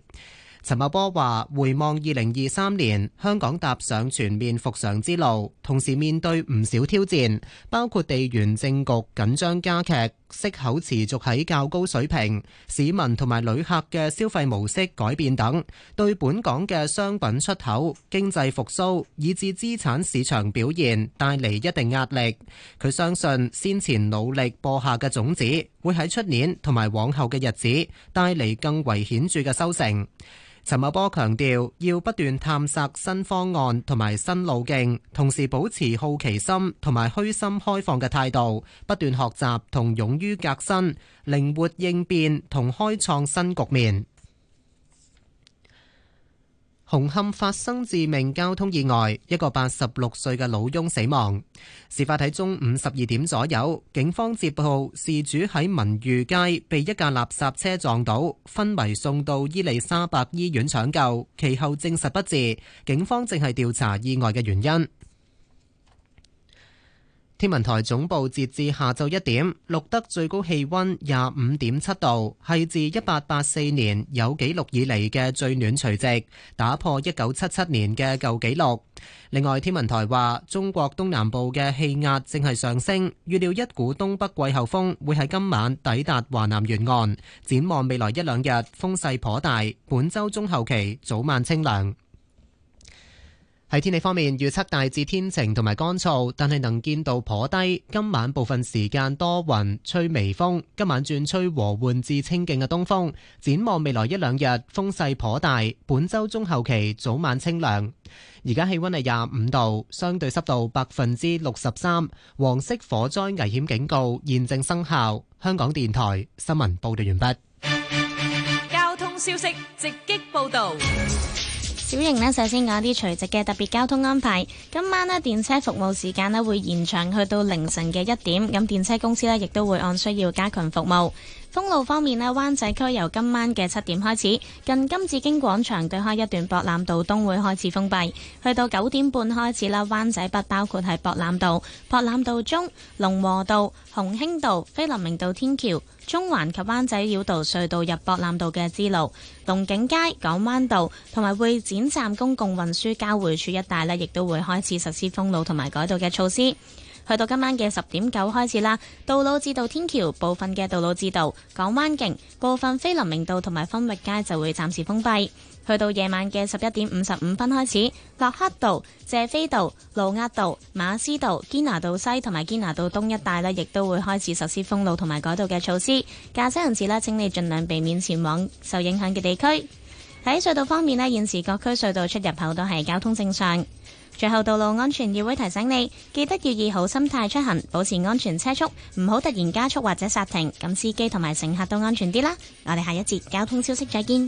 陳茂波話：回望二零二三年，香港踏上全面復常之路，同時面對唔少挑戰，包括地緣政局緊張加劇、息口持續喺較高水平、市民同埋旅客嘅消費模式改變等，對本港嘅商品出口、經濟復甦以至資產市場表現帶嚟一定壓力。佢相信先前努力播下嘅種子，會喺出年同埋往後嘅日子帶嚟更為顯著嘅收成。陳茂波強調，要不斷探索新方案同埋新路徑，同時保持好奇心同埋虛心開放嘅態度，不斷學習同勇於革新，靈活應變同開創新局面。紅磡發生致命交通意外，一個八十六歲嘅老翁死亡。事發喺中午十二點左右，警方接報，事主喺民裕街被一架垃圾車撞倒，昏迷送到伊利沙伯醫院搶救，其後證實不治。警方正係調查意外嘅原因。天文台總部截至下晝一點錄得最高氣溫廿五點七度，係自一八八四年有紀錄以嚟嘅最暖除夕，打破一九七七年嘅舊紀錄。另外，天文台話中國東南部嘅氣壓正係上升，預料一股東北季候風會喺今晚抵達華南沿岸。展望未來一兩日，風勢頗大，本周中後期早晚清涼。喺天氣方面，預測大致天晴同埋乾燥，但係能見度頗低。今晚部分時間多雲，吹微風。今晚轉吹和緩至清勁嘅東風。展望未來一兩日，風勢頗大。本周中後期早晚清涼。而家氣溫係廿五度，相對濕度百分之六十三。黃色火災危險警告現正生效。香港電台新聞報道完畢。交通消息直擊報道。小盈呢，首先講啲除夕嘅特別交通安排。今晚呢，電車服務時間呢會延長去到凌晨嘅一點。咁電車公司呢亦都會按需要加強服務。封路方面咧，灣仔區由今晚嘅七點開始，近金紫荊廣場對開一段博覽道東會開始封閉，去到九點半開始啦。灣仔北包括係博覽道、博覽道中、龍和道、鴻興道、菲林明道天橋、中環及灣仔繞道隧道入博覽道嘅支路、龍景街、港灣道同埋會展站公共運輸交匯處一帶，呢亦都會開始實施封路同埋改道嘅措施。去到今晚嘅十點九開始啦，道路至道天橋部分嘅道路至道、港灣徑部分菲林明道同埋分域街就會暫時封閉。去到夜晚嘅十一點五十五分開始，駱克道、謝斐道、盧押道、馬師道、堅拿道西同埋堅拿道東一帶呢亦都會開始實施封路同埋改道嘅措施。駕駛人士呢請你盡量避免前往受影響嘅地區。喺隧道方面呢，現時各區隧道出入口都係交通正常。最後道路安全議會提醒你，記得要以好心態出行，保持安全車速，唔好突然加速或者剎停，咁司機同埋乘客都安全啲啦。我哋下一節交通消息再見。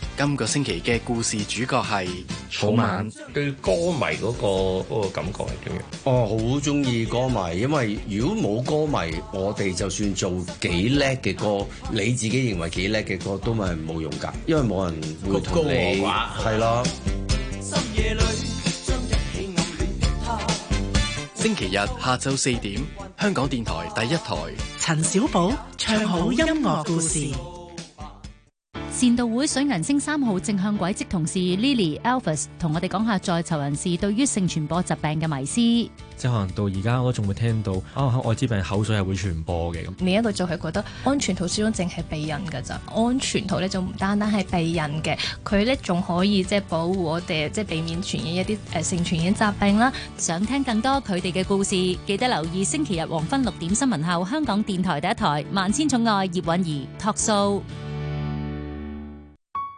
今個星期嘅故事主角係草蜢。對歌迷嗰、嗰個、嗰個感覺係點樣？哦，好中意歌迷，因為如果冇歌迷，我哋就算做幾叻嘅歌，你自己認為幾叻嘅歌都咪冇用噶，因為冇人會同跟你係啦。星期日下晝四點，香港電台第一台，陳小寶唱好音樂故事。善道會水銀星三號正向軌跡同事 Lily、Alfus 同我哋講下在囚人士對於性傳播疾病嘅迷思。即係可能到而家我仲會聽到啊，哦，艾滋病口水係會傳播嘅咁。另一個就係覺得安全套始終淨係避孕噶咋，安全套咧就唔單單係避孕嘅，佢咧仲可以即係保護我哋，即係避免傳染一啲誒性傳染疾病啦。想聽更多佢哋嘅故事，記得留意星期日黃昏六點新聞後，香港電台第一台萬千寵愛葉韻儀 Talk Show。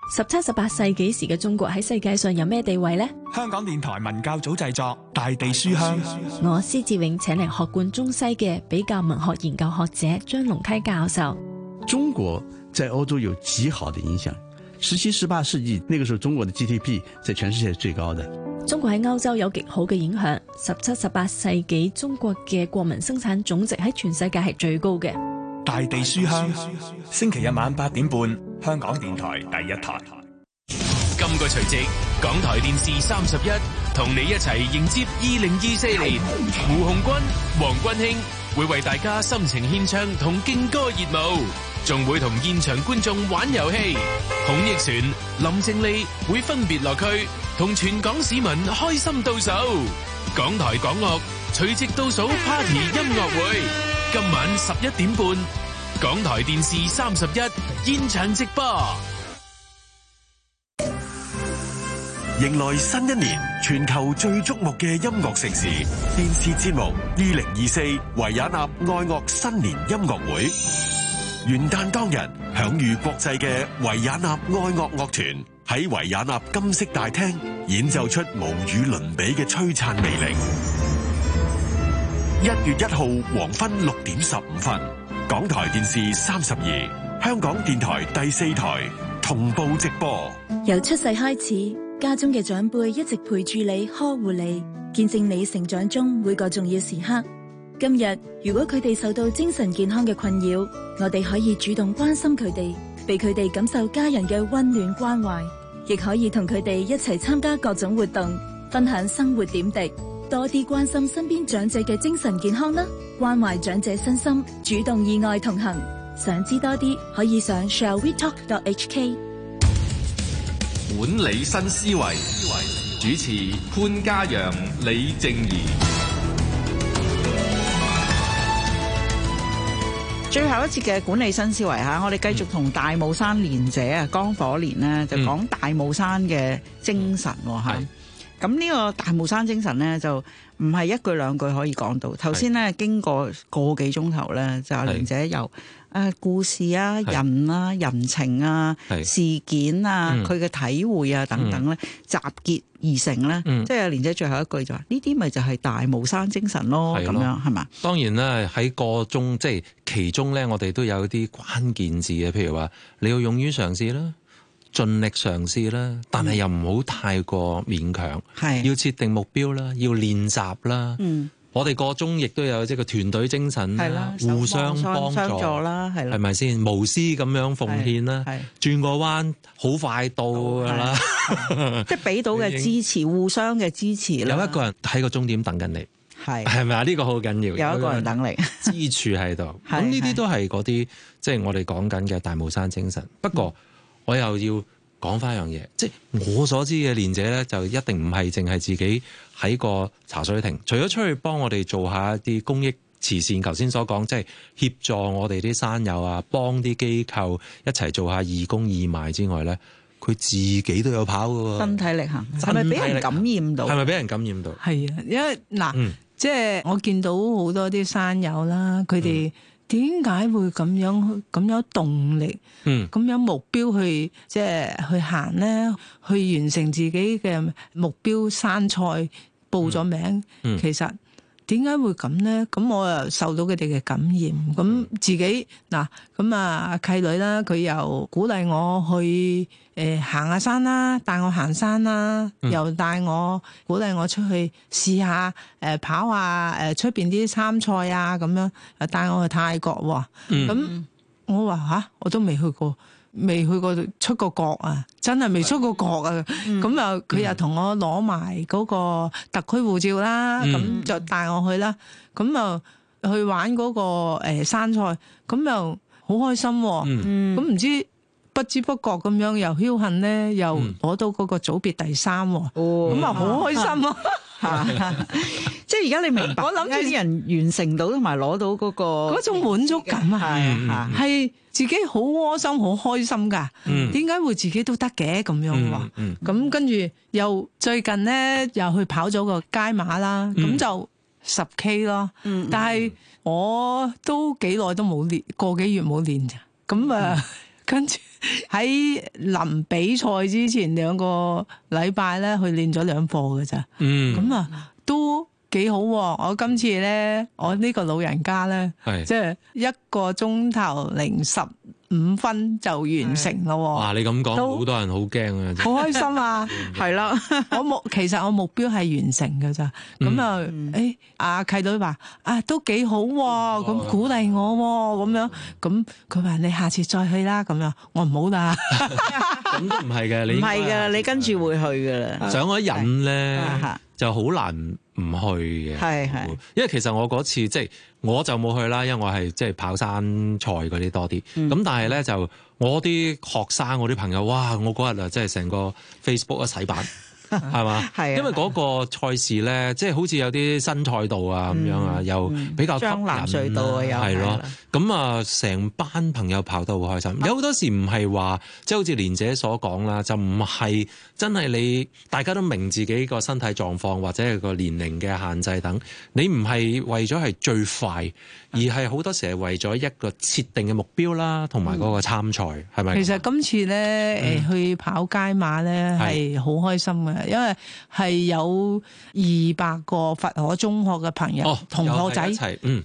十七、十八世紀時嘅中國喺世界上有咩地位呢？香港電台文教組製作《大地書香》書香，我施志永請嚟學貫中西嘅比較文學研究學者張隆溪教授。中國在歐洲有極好的影響。十七、十八世紀，那個時候中國的 GDP 在全世界係最高嘅。中國喺歐洲有極好嘅影響。十七、十八世紀，中國嘅國民生產總值喺全世界係最高嘅。大地書香，星期日晚八點半，香港電台第一台。今個除夕，港台電視三十一同你一齊迎接二零二四年。胡鴻鈞、王君馨會為大家深情獻唱同勁歌熱舞，仲會同現場觀眾玩遊戲。孔奕璇、林靜麗會分別落區同全港市民開心到手。港台港樂除夕倒數 Party 音樂會。今晚十一點半，港台電視三十一現場直播，迎來新一年全球最矚目嘅音樂盛事電視節目二零二四維也納愛樂新年音樂會。元旦當日，享譽國際嘅維也納愛樂樂團喺維也納金色大廳演奏出無與倫比嘅璀璨魅力。一月一號黃昏六點十五分，港台電視三十二，香港電台第四台同步直播。由出世開始，家中嘅長輩一直陪住你，呵護你，見證你成長中每個重要時刻。今日如果佢哋受到精神健康嘅困擾，我哋可以主動關心佢哋，俾佢哋感受家人嘅溫暖關懷，亦可以同佢哋一齊參加各種活動，分享生活點滴。多啲關心身邊長者嘅精神健康啦，關懷長者身心，主動意外同行。想知多啲，可以上 shall we talk. h k。管理新思維主持潘嘉陽、李靜宜。最後一次嘅管理新思維吓，我哋繼續同大帽山蓮姐啊，江火連呢，就講大帽山嘅精神係。嗯咁呢個大帽山精神咧，就唔係一句兩句可以講到。頭先咧，經過個幾鐘頭咧，就蓮姐由啊故事啊、人啊、人情啊、事件啊、佢嘅體會啊等等咧，集結而成啦。即係蓮姐最後一句就話：呢啲咪就係大帽山精神咯。咁樣係嘛？當然啦，喺個中即係其中咧，我哋都有啲關鍵字嘅，譬如話你要勇於嘗試啦。盡力嘗試啦，但係又唔好太過勉強。係要設定目標啦，要練習啦。嗯，我哋個中亦都有即係個團隊精神啦，互相幫助啦，係咪先無私咁樣奉獻啦？轉個彎好快到㗎啦，即係俾到嘅支持，互相嘅支持啦。有一個人喺個終點等緊你，係係咪啊？呢個好緊要，有一個人等你，支柱喺度。咁呢啲都係嗰啲，即係我哋講緊嘅大帽山精神。不過，我又要講翻一樣嘢，即係我所知嘅蓮姐咧，就一定唔係淨係自己喺個茶水亭，除咗出去幫我哋做下啲公益慈善，頭先所講即係協助我哋啲山友啊，幫啲機構一齊做下義工義賣之外咧，佢自己都有跑㗎喎，身體力行，係咪俾人感染到？係咪俾人感染到？係啊，因為嗱，嗯、即係我見到好多啲山友啦，佢哋、嗯。點解會咁樣咁有動力，咁有目標去即係去行咧？去完成自己嘅目標。山賽報咗名，嗯、其實。點解會咁呢？咁我又受到佢哋嘅感染，咁、嗯、自己嗱，咁阿契女啦，佢又鼓勵我去誒、呃、行下山啦，帶我行山啦，又帶我鼓勵我出去試、呃、下誒跑下誒出邊啲參賽啊咁樣，帶我去泰國喎。咁、哦嗯、我話嚇，我都未去過。未去過出過國啊，真係未出過國啊！咁啊、嗯，佢又同我攞埋嗰個特區護照啦，咁就、嗯、帶我去啦。咁又去玩嗰個山賽，咁又好開心。咁唔知不知不覺咁樣又僥倖咧，又攞到嗰個組別第三。咁、哦、啊，好開心啊！即係而家你明白，我諗住啲人完成到同埋攞到嗰個嗰種滿足感啊，係、嗯。嗯嗯嗯自己好窩心，好開心噶。點解、嗯、會自己都得嘅咁樣喎？咁跟住又最近呢，又去跑咗個街馬啦。咁、嗯、就十 K 咯。嗯嗯、但係我都幾耐都冇練，個幾月冇練咋。咁啊，呃嗯、跟住喺臨比賽之前兩個禮拜呢，去練咗兩課嘅咋。咁啊，都。幾好喎！我今次咧，我呢個老人家咧，即係一個鐘頭零十五分就完成咯喎！哇，你咁講，好多人好驚啊！好開心啊！係啦，我目其實我目標係完成噶咋。咁啊，誒阿契女話啊，都幾好喎！咁鼓勵我喎，咁樣，咁佢話你下次再去啦，咁樣我唔好啦。咁都唔係嘅，你唔係嘅，你跟住會去噶啦。上咗癮咧。就好難唔去嘅，因為其實我嗰次即係、就是、我就冇去啦，因為我係即係跑山賽嗰啲多啲。咁、嗯、但係咧就我啲學生我啲朋友，哇！我嗰日啊，即係成個 Facebook 一洗版。 係嘛？係，因為嗰個賽事咧，即係好似有啲新賽道啊，咁樣啊，又比較吸引，張南隧道啊，又係咯。咁啊的，成、嗯、班朋友跑得好開心。啊、有好多時唔係話，即係好似蓮姐所講啦，就唔係真係你大家都明自己個身體狀況或者係個年齡嘅限制等，你唔係為咗係最快，而係好多時係為咗一個設定嘅目標啦，同埋嗰個參賽係咪？嗯、是是其實今次咧，誒、呃，去跑街馬咧，係好開心嘅。因為係有二百個佛可中學嘅朋友同學仔，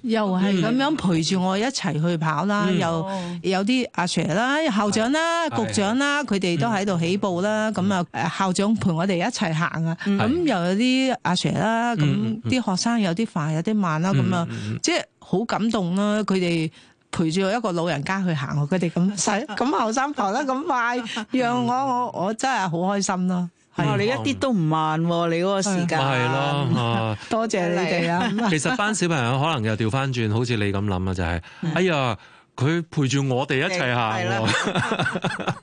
又係咁樣陪住我一齊去跑啦，又有啲阿 Sir 啦、校長啦、局長啦，佢哋都喺度起步啦。咁啊，校長陪我哋一齊行啊，咁又有啲阿 Sir 啦，咁啲學生有啲快，有啲慢啦，咁啊，即係好感動啦。佢哋陪住一個老人家去行，佢哋咁細，咁後生跑得咁快，讓我我我真係好開心咯～哦，哎、你一啲都唔慢你嗰個時間。係咯，多謝你哋啊。其實班小朋友可能又調翻轉，好似你咁諗啊，就係、是，哎呀，佢陪住我哋一齊行。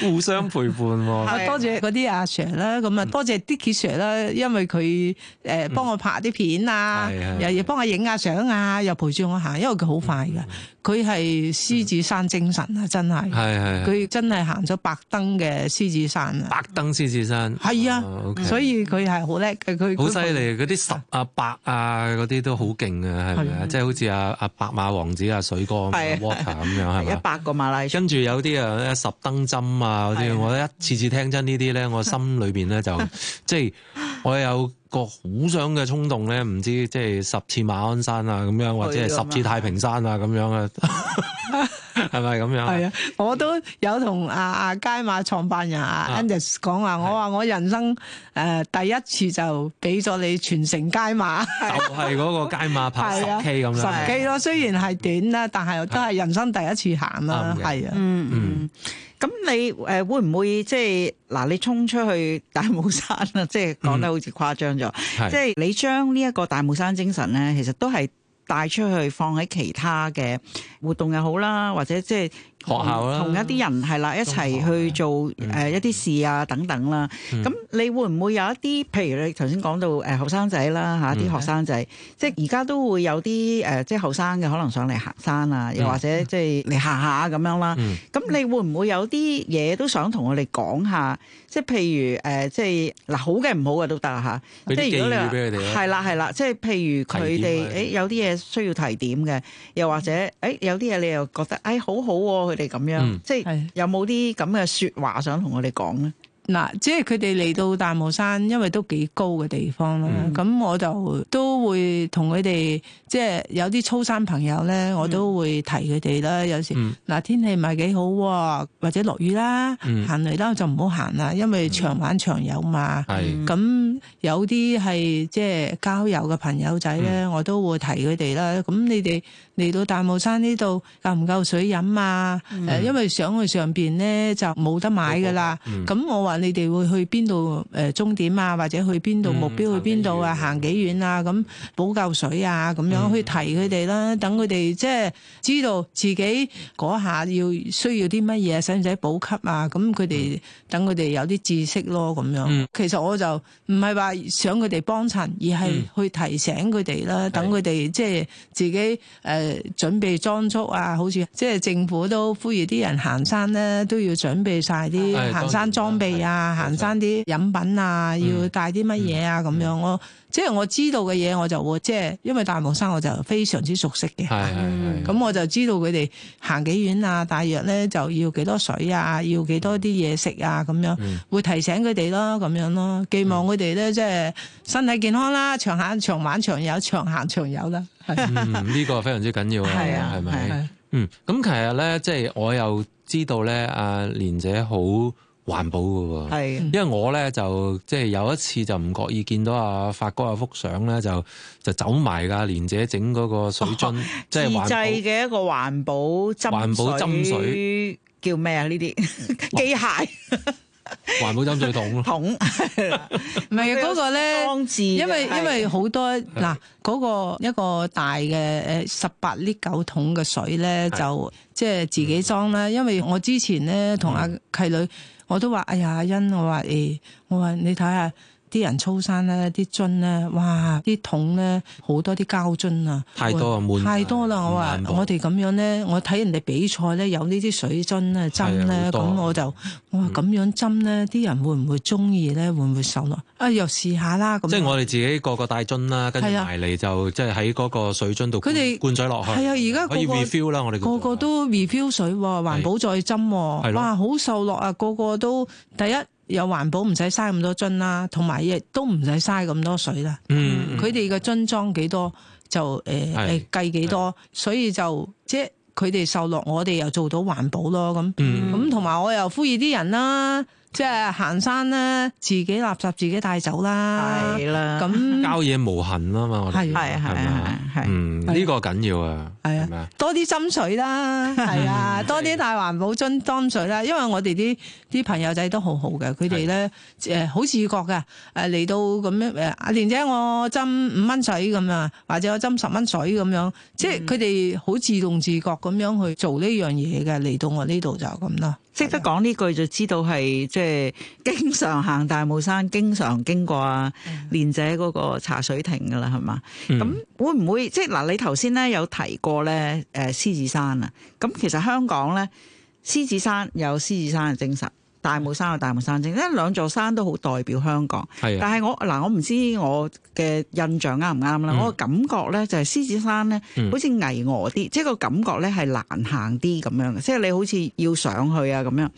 互相陪伴喎，多謝嗰啲阿 Sir 啦，咁啊多謝 Dickie Sir 啦，因為佢誒幫我拍啲片啊，又幫我影下相啊，又陪住我行，因為佢好快噶，佢係獅子山精神啊，真係，係係，佢真係行咗百燈嘅獅子山啊，百燈獅子山，係啊，所以佢係好叻嘅，佢好犀利，嗰啲十啊百啊嗰啲都好勁啊。係咪啊？即係好似阿阿百馬王子啊，水哥 Water 咁樣係嘛？一百個馬拉松，跟住有啲啊十燈針。啊！嗰啲我一次次聽真呢啲咧，我心裏邊咧就即係我有個好想嘅衝動咧，唔知即係十次馬鞍山啊咁樣，或者係十次太平山啊咁樣啊，係咪咁樣？係啊，我都有同阿阿街馬創辦人阿 Andes 講啊，我話我人生誒第一次就俾咗你全城街馬，就係嗰個街馬跑十 K 咁，十 K 咯，雖然係短啦，但係都係人生第一次行啦，係啊，嗯嗯。咁你誒、呃、會唔會即係嗱？你衝出去大帽山啦，即係講得好似誇張咗。嗯、即係你將呢一個大帽山精神咧，其實都係帶出去放喺其他嘅活動又好啦，或者即係。學校啦，同一啲人係啦，一齊去做誒一啲事啊，啊等等啦。咁、嗯、你會唔會有一啲？譬如你頭先講到誒後、呃、生仔啦嚇，啲、嗯、學生仔，嗯、即係而家都會有啲誒、呃，即係後生嘅可能上嚟行山啊，又或者即係嚟行下咁樣啦。咁、嗯嗯、你會唔會有啲嘢都想同我哋講下？即係譬如誒，即係嗱，好嘅唔好嘅都得嚇。即係如果你話係啦係啦，啦，啦，即係譬如佢哋誒有啲嘢需要提點嘅，又或者誒、欸、有啲嘢你又覺得誒、欸欸、好好。欸好好啊佢哋咁樣，嗯、即係有冇啲咁嘅說話想同我哋講咧？嗱，即係佢哋嚟到大帽山，因為都幾高嘅地方啦。咁我就都會同佢哋，即係有啲粗山朋友咧，我都會提佢哋啦。有時嗱，天氣唔係幾好，或者落雨啦，行雷啦就唔好行啦，因為長玩長有嘛。係。咁有啲係即係郊遊嘅朋友仔咧，我都會提佢哋啦。咁你哋嚟到大帽山呢度夠唔夠水飲啊？誒，因為上去上邊咧就冇得買噶啦。咁我話。你哋會去邊度誒，終點啊？或者去邊度目標去邊度啊？行幾遠啊？咁補救水啊？咁樣、嗯、去提佢哋啦。等佢哋即係知道自己嗰下要需要啲乜嘢，使唔使補給啊？咁佢哋等佢哋有啲知識咯。咁樣，嗯、其實我就唔係話想佢哋幫襯而係去提醒佢哋啦。等佢哋即係自己誒、呃、準備裝束啊。好似即係政府都呼籲啲人行山咧，都要準備晒啲行山裝備。嗯嗯嗯嗯嗯嗯啊，行山啲飲品啊，要帶啲乜嘢啊咁、嗯嗯、樣咯，即係、就是、我知道嘅嘢，我就會即係，就是、因為大帽山，我就非常之熟悉嘅，咁、嗯、我就知道佢哋行幾遠啊，大約咧就要幾多水啊，要幾多啲嘢食啊咁樣，嗯、會提醒佢哋咯，咁樣咯，寄望佢哋咧即係身體健康啦，長行長玩長遊長行長遊啦。嗯，呢個非常之緊要啊，係咪？ 嗯，咁其實咧，即係我又知道咧，阿蓮姐好。環保嘅喎，因為我咧就即係有一次就唔覺意見到阿發哥啊，幅相咧就就走埋噶，蓮姐整嗰個水樽，即係自製嘅一個環保針水，叫咩啊？呢啲機械環保針水桶咯，桶唔係嗰個咧，因為因為好多嗱嗰個一個大嘅誒十八釐九桶嘅水咧，就即係自己裝啦。因為我之前咧同阿契女。我都話：“哎呀，阿欣，我話：“誒、哎，我話你睇下。啲人粗生咧，啲樽咧，哇！啲桶咧，好多啲膠樽啊，太多啊，太多啦！我話我哋咁樣咧，我睇人哋比賽咧，有呢啲水樽咧，斟咧，咁我就我話咁樣斟咧，啲人會唔會中意咧？會唔會受落？啊，又試下啦！咁即係我哋自己個個帶樽啦，跟住埋嚟就即係喺嗰個水樽度佢哋灌水落去。係啊！而家可以。個個都 refill 水，環保再斟，哇！好受落啊！個個都第一。有環保唔使嘥咁多樽啦，同埋亦都唔使嘥咁多水啦，嗯。嗯，佢哋個樽裝幾多就誒計幾多，所以就即係佢哋受落，我哋又做到環保咯。咁咁同埋我又呼籲啲人啦。即係行山咧，自己垃圾自己帶走啦，係啦，咁郊野無痕啊嘛，係係啊係，嗯呢個緊要啊，係啊，多啲斟水啦，係啊，多啲帶環保樽斟水啦，因為我哋啲啲朋友仔都好好嘅，佢哋咧誒好自覺嘅，誒嚟到咁樣誒，阿蓮姐我斟五蚊水咁樣，或者我斟十蚊水咁樣，即係佢哋好自動自覺咁樣去做呢樣嘢嘅，嚟到我呢度就咁啦。識得講呢句就知道係即係經常行大帽山，經常經過啊蓮姐嗰個茶水亭㗎喇，係嘛？咁、嗯、會唔會即係嗱？你頭先咧有提過咧誒獅子山啊，咁其實香港咧，獅子山有獅子山嘅精神。大帽山啊，大帽山精，咧兩座山都好代表香港。是啊、但係我嗱，我唔知我嘅印象啱唔啱啦。嗯、我嘅感覺咧就係獅子山咧，好似巍峨啲，即係個感覺咧係難行啲咁樣。即係你好似要上去啊咁樣。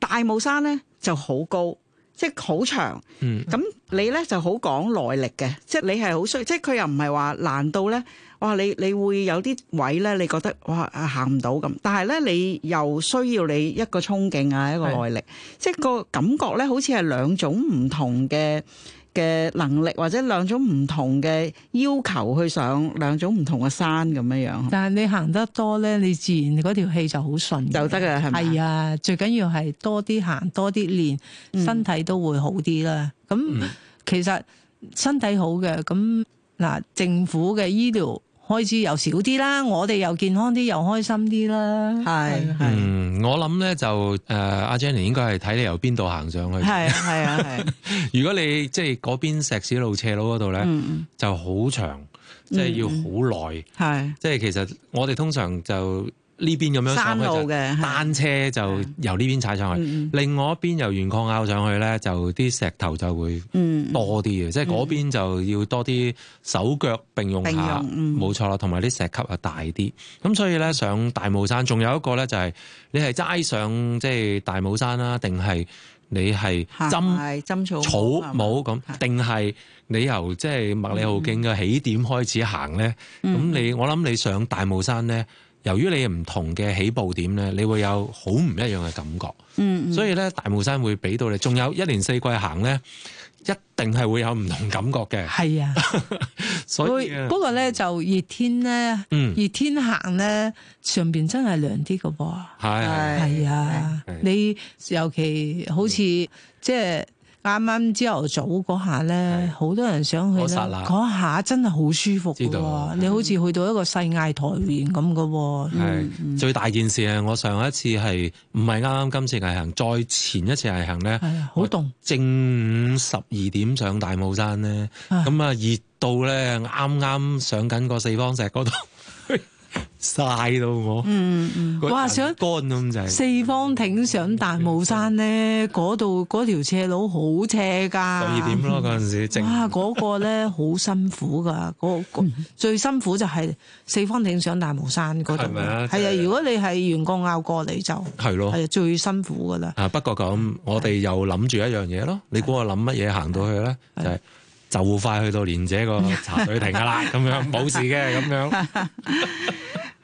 大帽山咧就好高，即係好長。咁、嗯、你咧就好講耐力嘅，即係你係好需，即係佢又唔係話難到咧。哇！你你會有啲位咧，你覺得哇行唔到咁，但係咧你又需要你一個衝勁啊，一個耐力，的即係個感覺咧，好似係兩種唔同嘅嘅能力，或者兩種唔同嘅要求去上兩種唔同嘅山咁樣。但係你行得多咧，你自然嗰條氣就好順。就得㗎係咪？係啊，最緊要係多啲行，多啲練，身體都會好啲啦。咁、嗯、其實身體好嘅，咁嗱政府嘅醫療。開支又少啲啦，我哋又健康啲，又開心啲啦，係。嗯，我諗咧就誒，阿、呃、Jenny 應該係睇你由邊度行上去。係啊，係啊。 如果你即係嗰邊石屎路斜路嗰度咧，就好、係、長，即係要好耐。係，即係其實我哋通常就。是呢邊咁樣上咧就單車就由呢邊踩上去，另外一邊由鉛礦坳上去咧就啲石頭就會多啲嘅，即係嗰邊就要多啲手腳並用下，冇錯啦。同埋啲石級啊大啲，咁所以咧上大帽山仲有一個咧就係你係齋上即係大帽山啦，定係你係針針草草帽咁，定係你由即係麥理浩徑嘅起點開始行咧？咁你我諗你上大帽山咧？由於你唔同嘅起步點咧，你會有好唔一樣嘅感覺，嗯嗯所以咧大帽山會俾到你，仲有一年四季行咧，一定係會有唔同感覺嘅。係啊， 所以、啊、不過咧就熱天咧，嗯、熱天行咧上邊真係涼啲㗎噃。係係是啊，是是是你尤其好似的、嗯、即係。啱啱朝頭早嗰下咧，好的多人想去。嗰下真係好舒服，啊。知道。你好似去到一個世外桃源咁嘅喎。最大件事啊！係我上一次係唔係啱啱今次毅行？再前一次毅行咧，好凍。正午十二點上大帽山咧，咁啊的唉熱到咧，啱啱上緊個四方石嗰度。 曬到我，嗯嗯，哇！想乾咁，就係四方頂上大帽山咧，嗰度嗰條斜路好斜噶，咁二點咯嗰陣時，哇！嗰個咧好辛苦噶，嗰個最辛苦就係四方頂上大帽山嗰度，係啊？如果你係員工拗過嚟就係咯，係啊，最辛苦噶啦。啊，不過咁我哋又諗住一樣嘢咯，你估我諗乜嘢行到去咧？就係就快去到蓮姐個茶水亭噶啦，咁樣冇事嘅咁樣。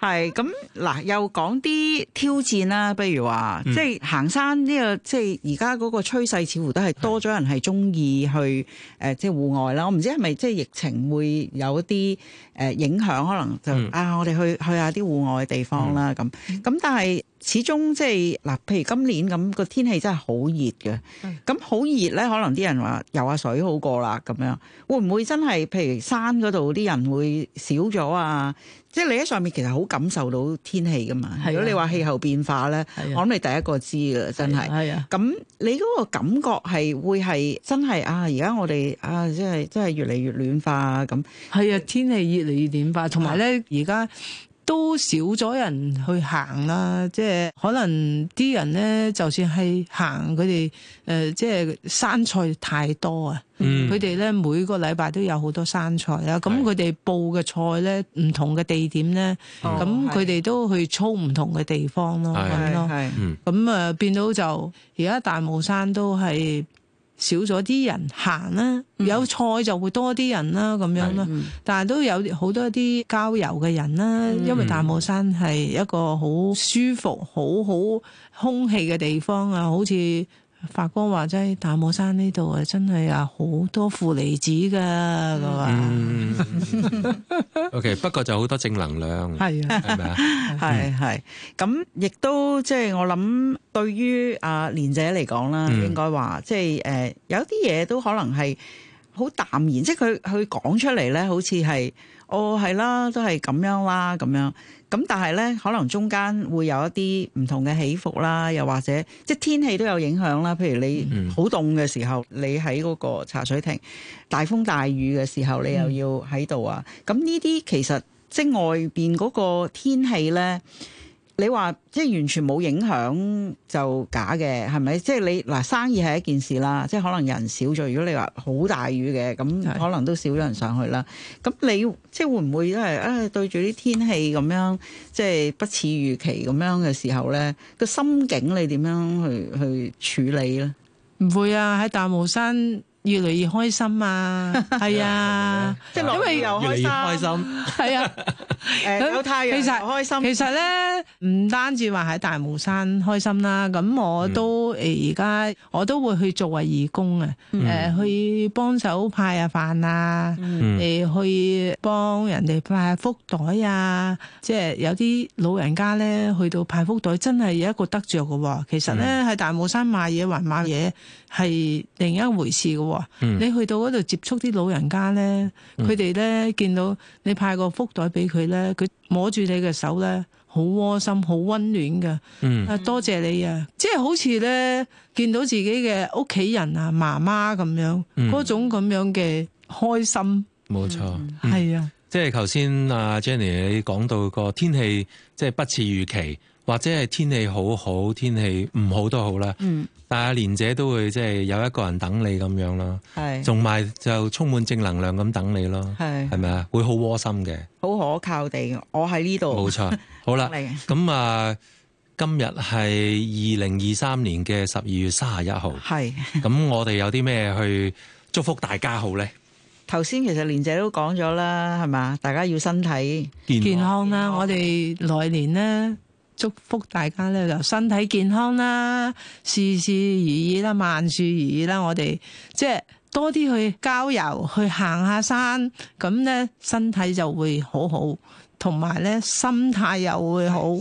係咁嗱，又講啲挑戰啦，不如話，嗯、即係行山呢、呢個，即係而家嗰個趨勢，似乎都係多咗是人係中意去誒、呃，即係戶外啦。我唔知係咪即係疫情會有一啲誒、呃、影響，可能就、嗯、啊，我哋去去下啲戶外嘅地方啦。咁咁、嗯，但係。始終即係嗱，譬如今年咁個天氣真係好熱嘅，咁好熱咧，可能啲人話游下水好過啦咁樣。會唔會真係譬如山嗰度啲人會少咗啊？即係你喺上面其實好感受到天氣㗎嘛。啊、如果你話氣候變化咧，啊、我諗你第一個知㗎真係。咁你嗰個感覺係會係真係啊？而家我哋啊，即係真係越嚟越暖化啊。咁。係啊，天氣越嚟越暖化，同埋咧而家。都少咗人去行啦，即係可能啲人呢，就算係行佢哋，誒、呃，即係山賽太多啊！佢哋、嗯、呢，每個禮拜都有好多山賽啦，咁佢哋報嘅賽呢，唔同嘅地點呢，咁佢哋都去操唔同嘅地方咯，咁咯、嗯，咁啊、嗯、變到就而家大帽山都係。少咗啲人行啦、啊，有菜就會多啲人啦、啊、咁樣啦、啊，但係都有好多啲郊遊嘅人啦、啊，因為大帽山係一個好舒服、好好空氣嘅地方啊，好似。發哥話齋，大帽山呢度啊，真係啊好多負離子㗎，佢話、嗯。 o、okay, K，不過就好多正能量。係 啊，係咪吧、 就是、啊？係係。咁亦都即係我諗，對於阿蓮姐嚟講啦，嗯、應該話即係誒，有啲嘢都可能係。好淡然，即係佢佢講出嚟咧，好似係哦係啦，都係咁樣啦咁樣。咁但係咧，可能中間會有一啲唔同嘅起伏啦，又或者即係天氣都有影響啦。譬如你好凍嘅時候，你喺嗰個茶水亭；大風大雨嘅時候，你又要喺度啊。咁呢啲其實即係外面嗰個天氣咧。你話即係完全冇影響就是假嘅，係咪？即係你嗱生意係一件事啦，即係可能人少咗。如果你話好大雨嘅，咁可能都少咗人上去啦。咁是的 你即係會唔會都係啊？對住啲天氣咁樣，即係不似預期咁樣嘅時候咧，個心境你點樣去去處理咧？唔會啊，喺大帽山。越嚟越開心啊，係啊，即係落雨又開心，係啊，有太陽又開心。其實咧，唔單止話喺大帽山開心啦，咁我都誒而家我都會去作為義工啊，誒去幫手派啊飯啊，誒去幫人哋派福袋啊，即係有啲老人家咧去到派福袋，真係有一個得著嘅喎。其實咧喺大帽山賣嘢還賣嘢，係另一回事嘅，嗯、你去到嗰度接觸啲老人家咧，佢哋咧見到你派個福袋俾佢咧，佢摸住你嘅手咧，好窩心，好溫暖嘅。啊、嗯，多謝你啊！即係好似咧見到自己嘅屋企人啊，媽媽咁樣嗰、嗯、種咁樣嘅開心。冇錯，係、嗯、啊！嗯、即係頭先阿 Jenny 你講到個天氣，即係不似預期，或者係天氣好好，天氣唔好都好啦。嗯但係蓮姐都會即係有一個人等你咁樣咯，係，同埋就充滿正能量咁等你咯，係，係咪啊？會好窩心嘅，好可靠地，我喺呢度，冇錯。好啦，咁啊，今日係二零二三年嘅十二月三十一號，係。咁我哋有啲咩去祝福大家好呢？頭先其實蓮姐都講咗啦，係嘛？大家要身體健健康啦，我哋來年呢。祝福大家咧就身體健康啦，事事如意啦，萬事如意啦！我哋即係多啲去郊遊，去行下山，咁咧身體就會好好，同埋咧心態又會好。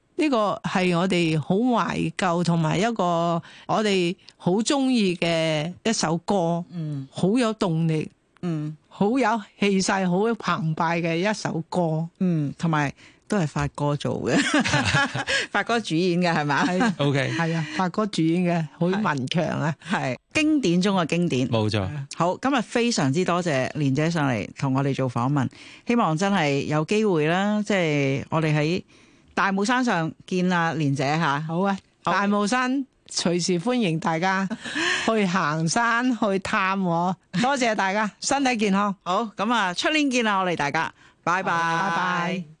呢個係我哋好懷舊同埋一個我哋好中意嘅一首歌，嗯，好有動力，嗯，好有氣勢，好澎湃嘅一首歌，嗯，同埋都係發哥做嘅，發 哥主演嘅係咪？OK，係啊，發哥主演嘅許文強啊，係是是經典中嘅經典，冇錯。好，今日非常之多謝蓮姐上嚟同我哋做訪問，希望真係有機會啦，即係我哋喺。大帽山上見啦，蓮姐吓，好啊！好，大帽山隨時歡迎大家 去行山去探我。多謝大家身體健康， 好，咁啊，出年見啦，我哋大家，拜拜，拜拜。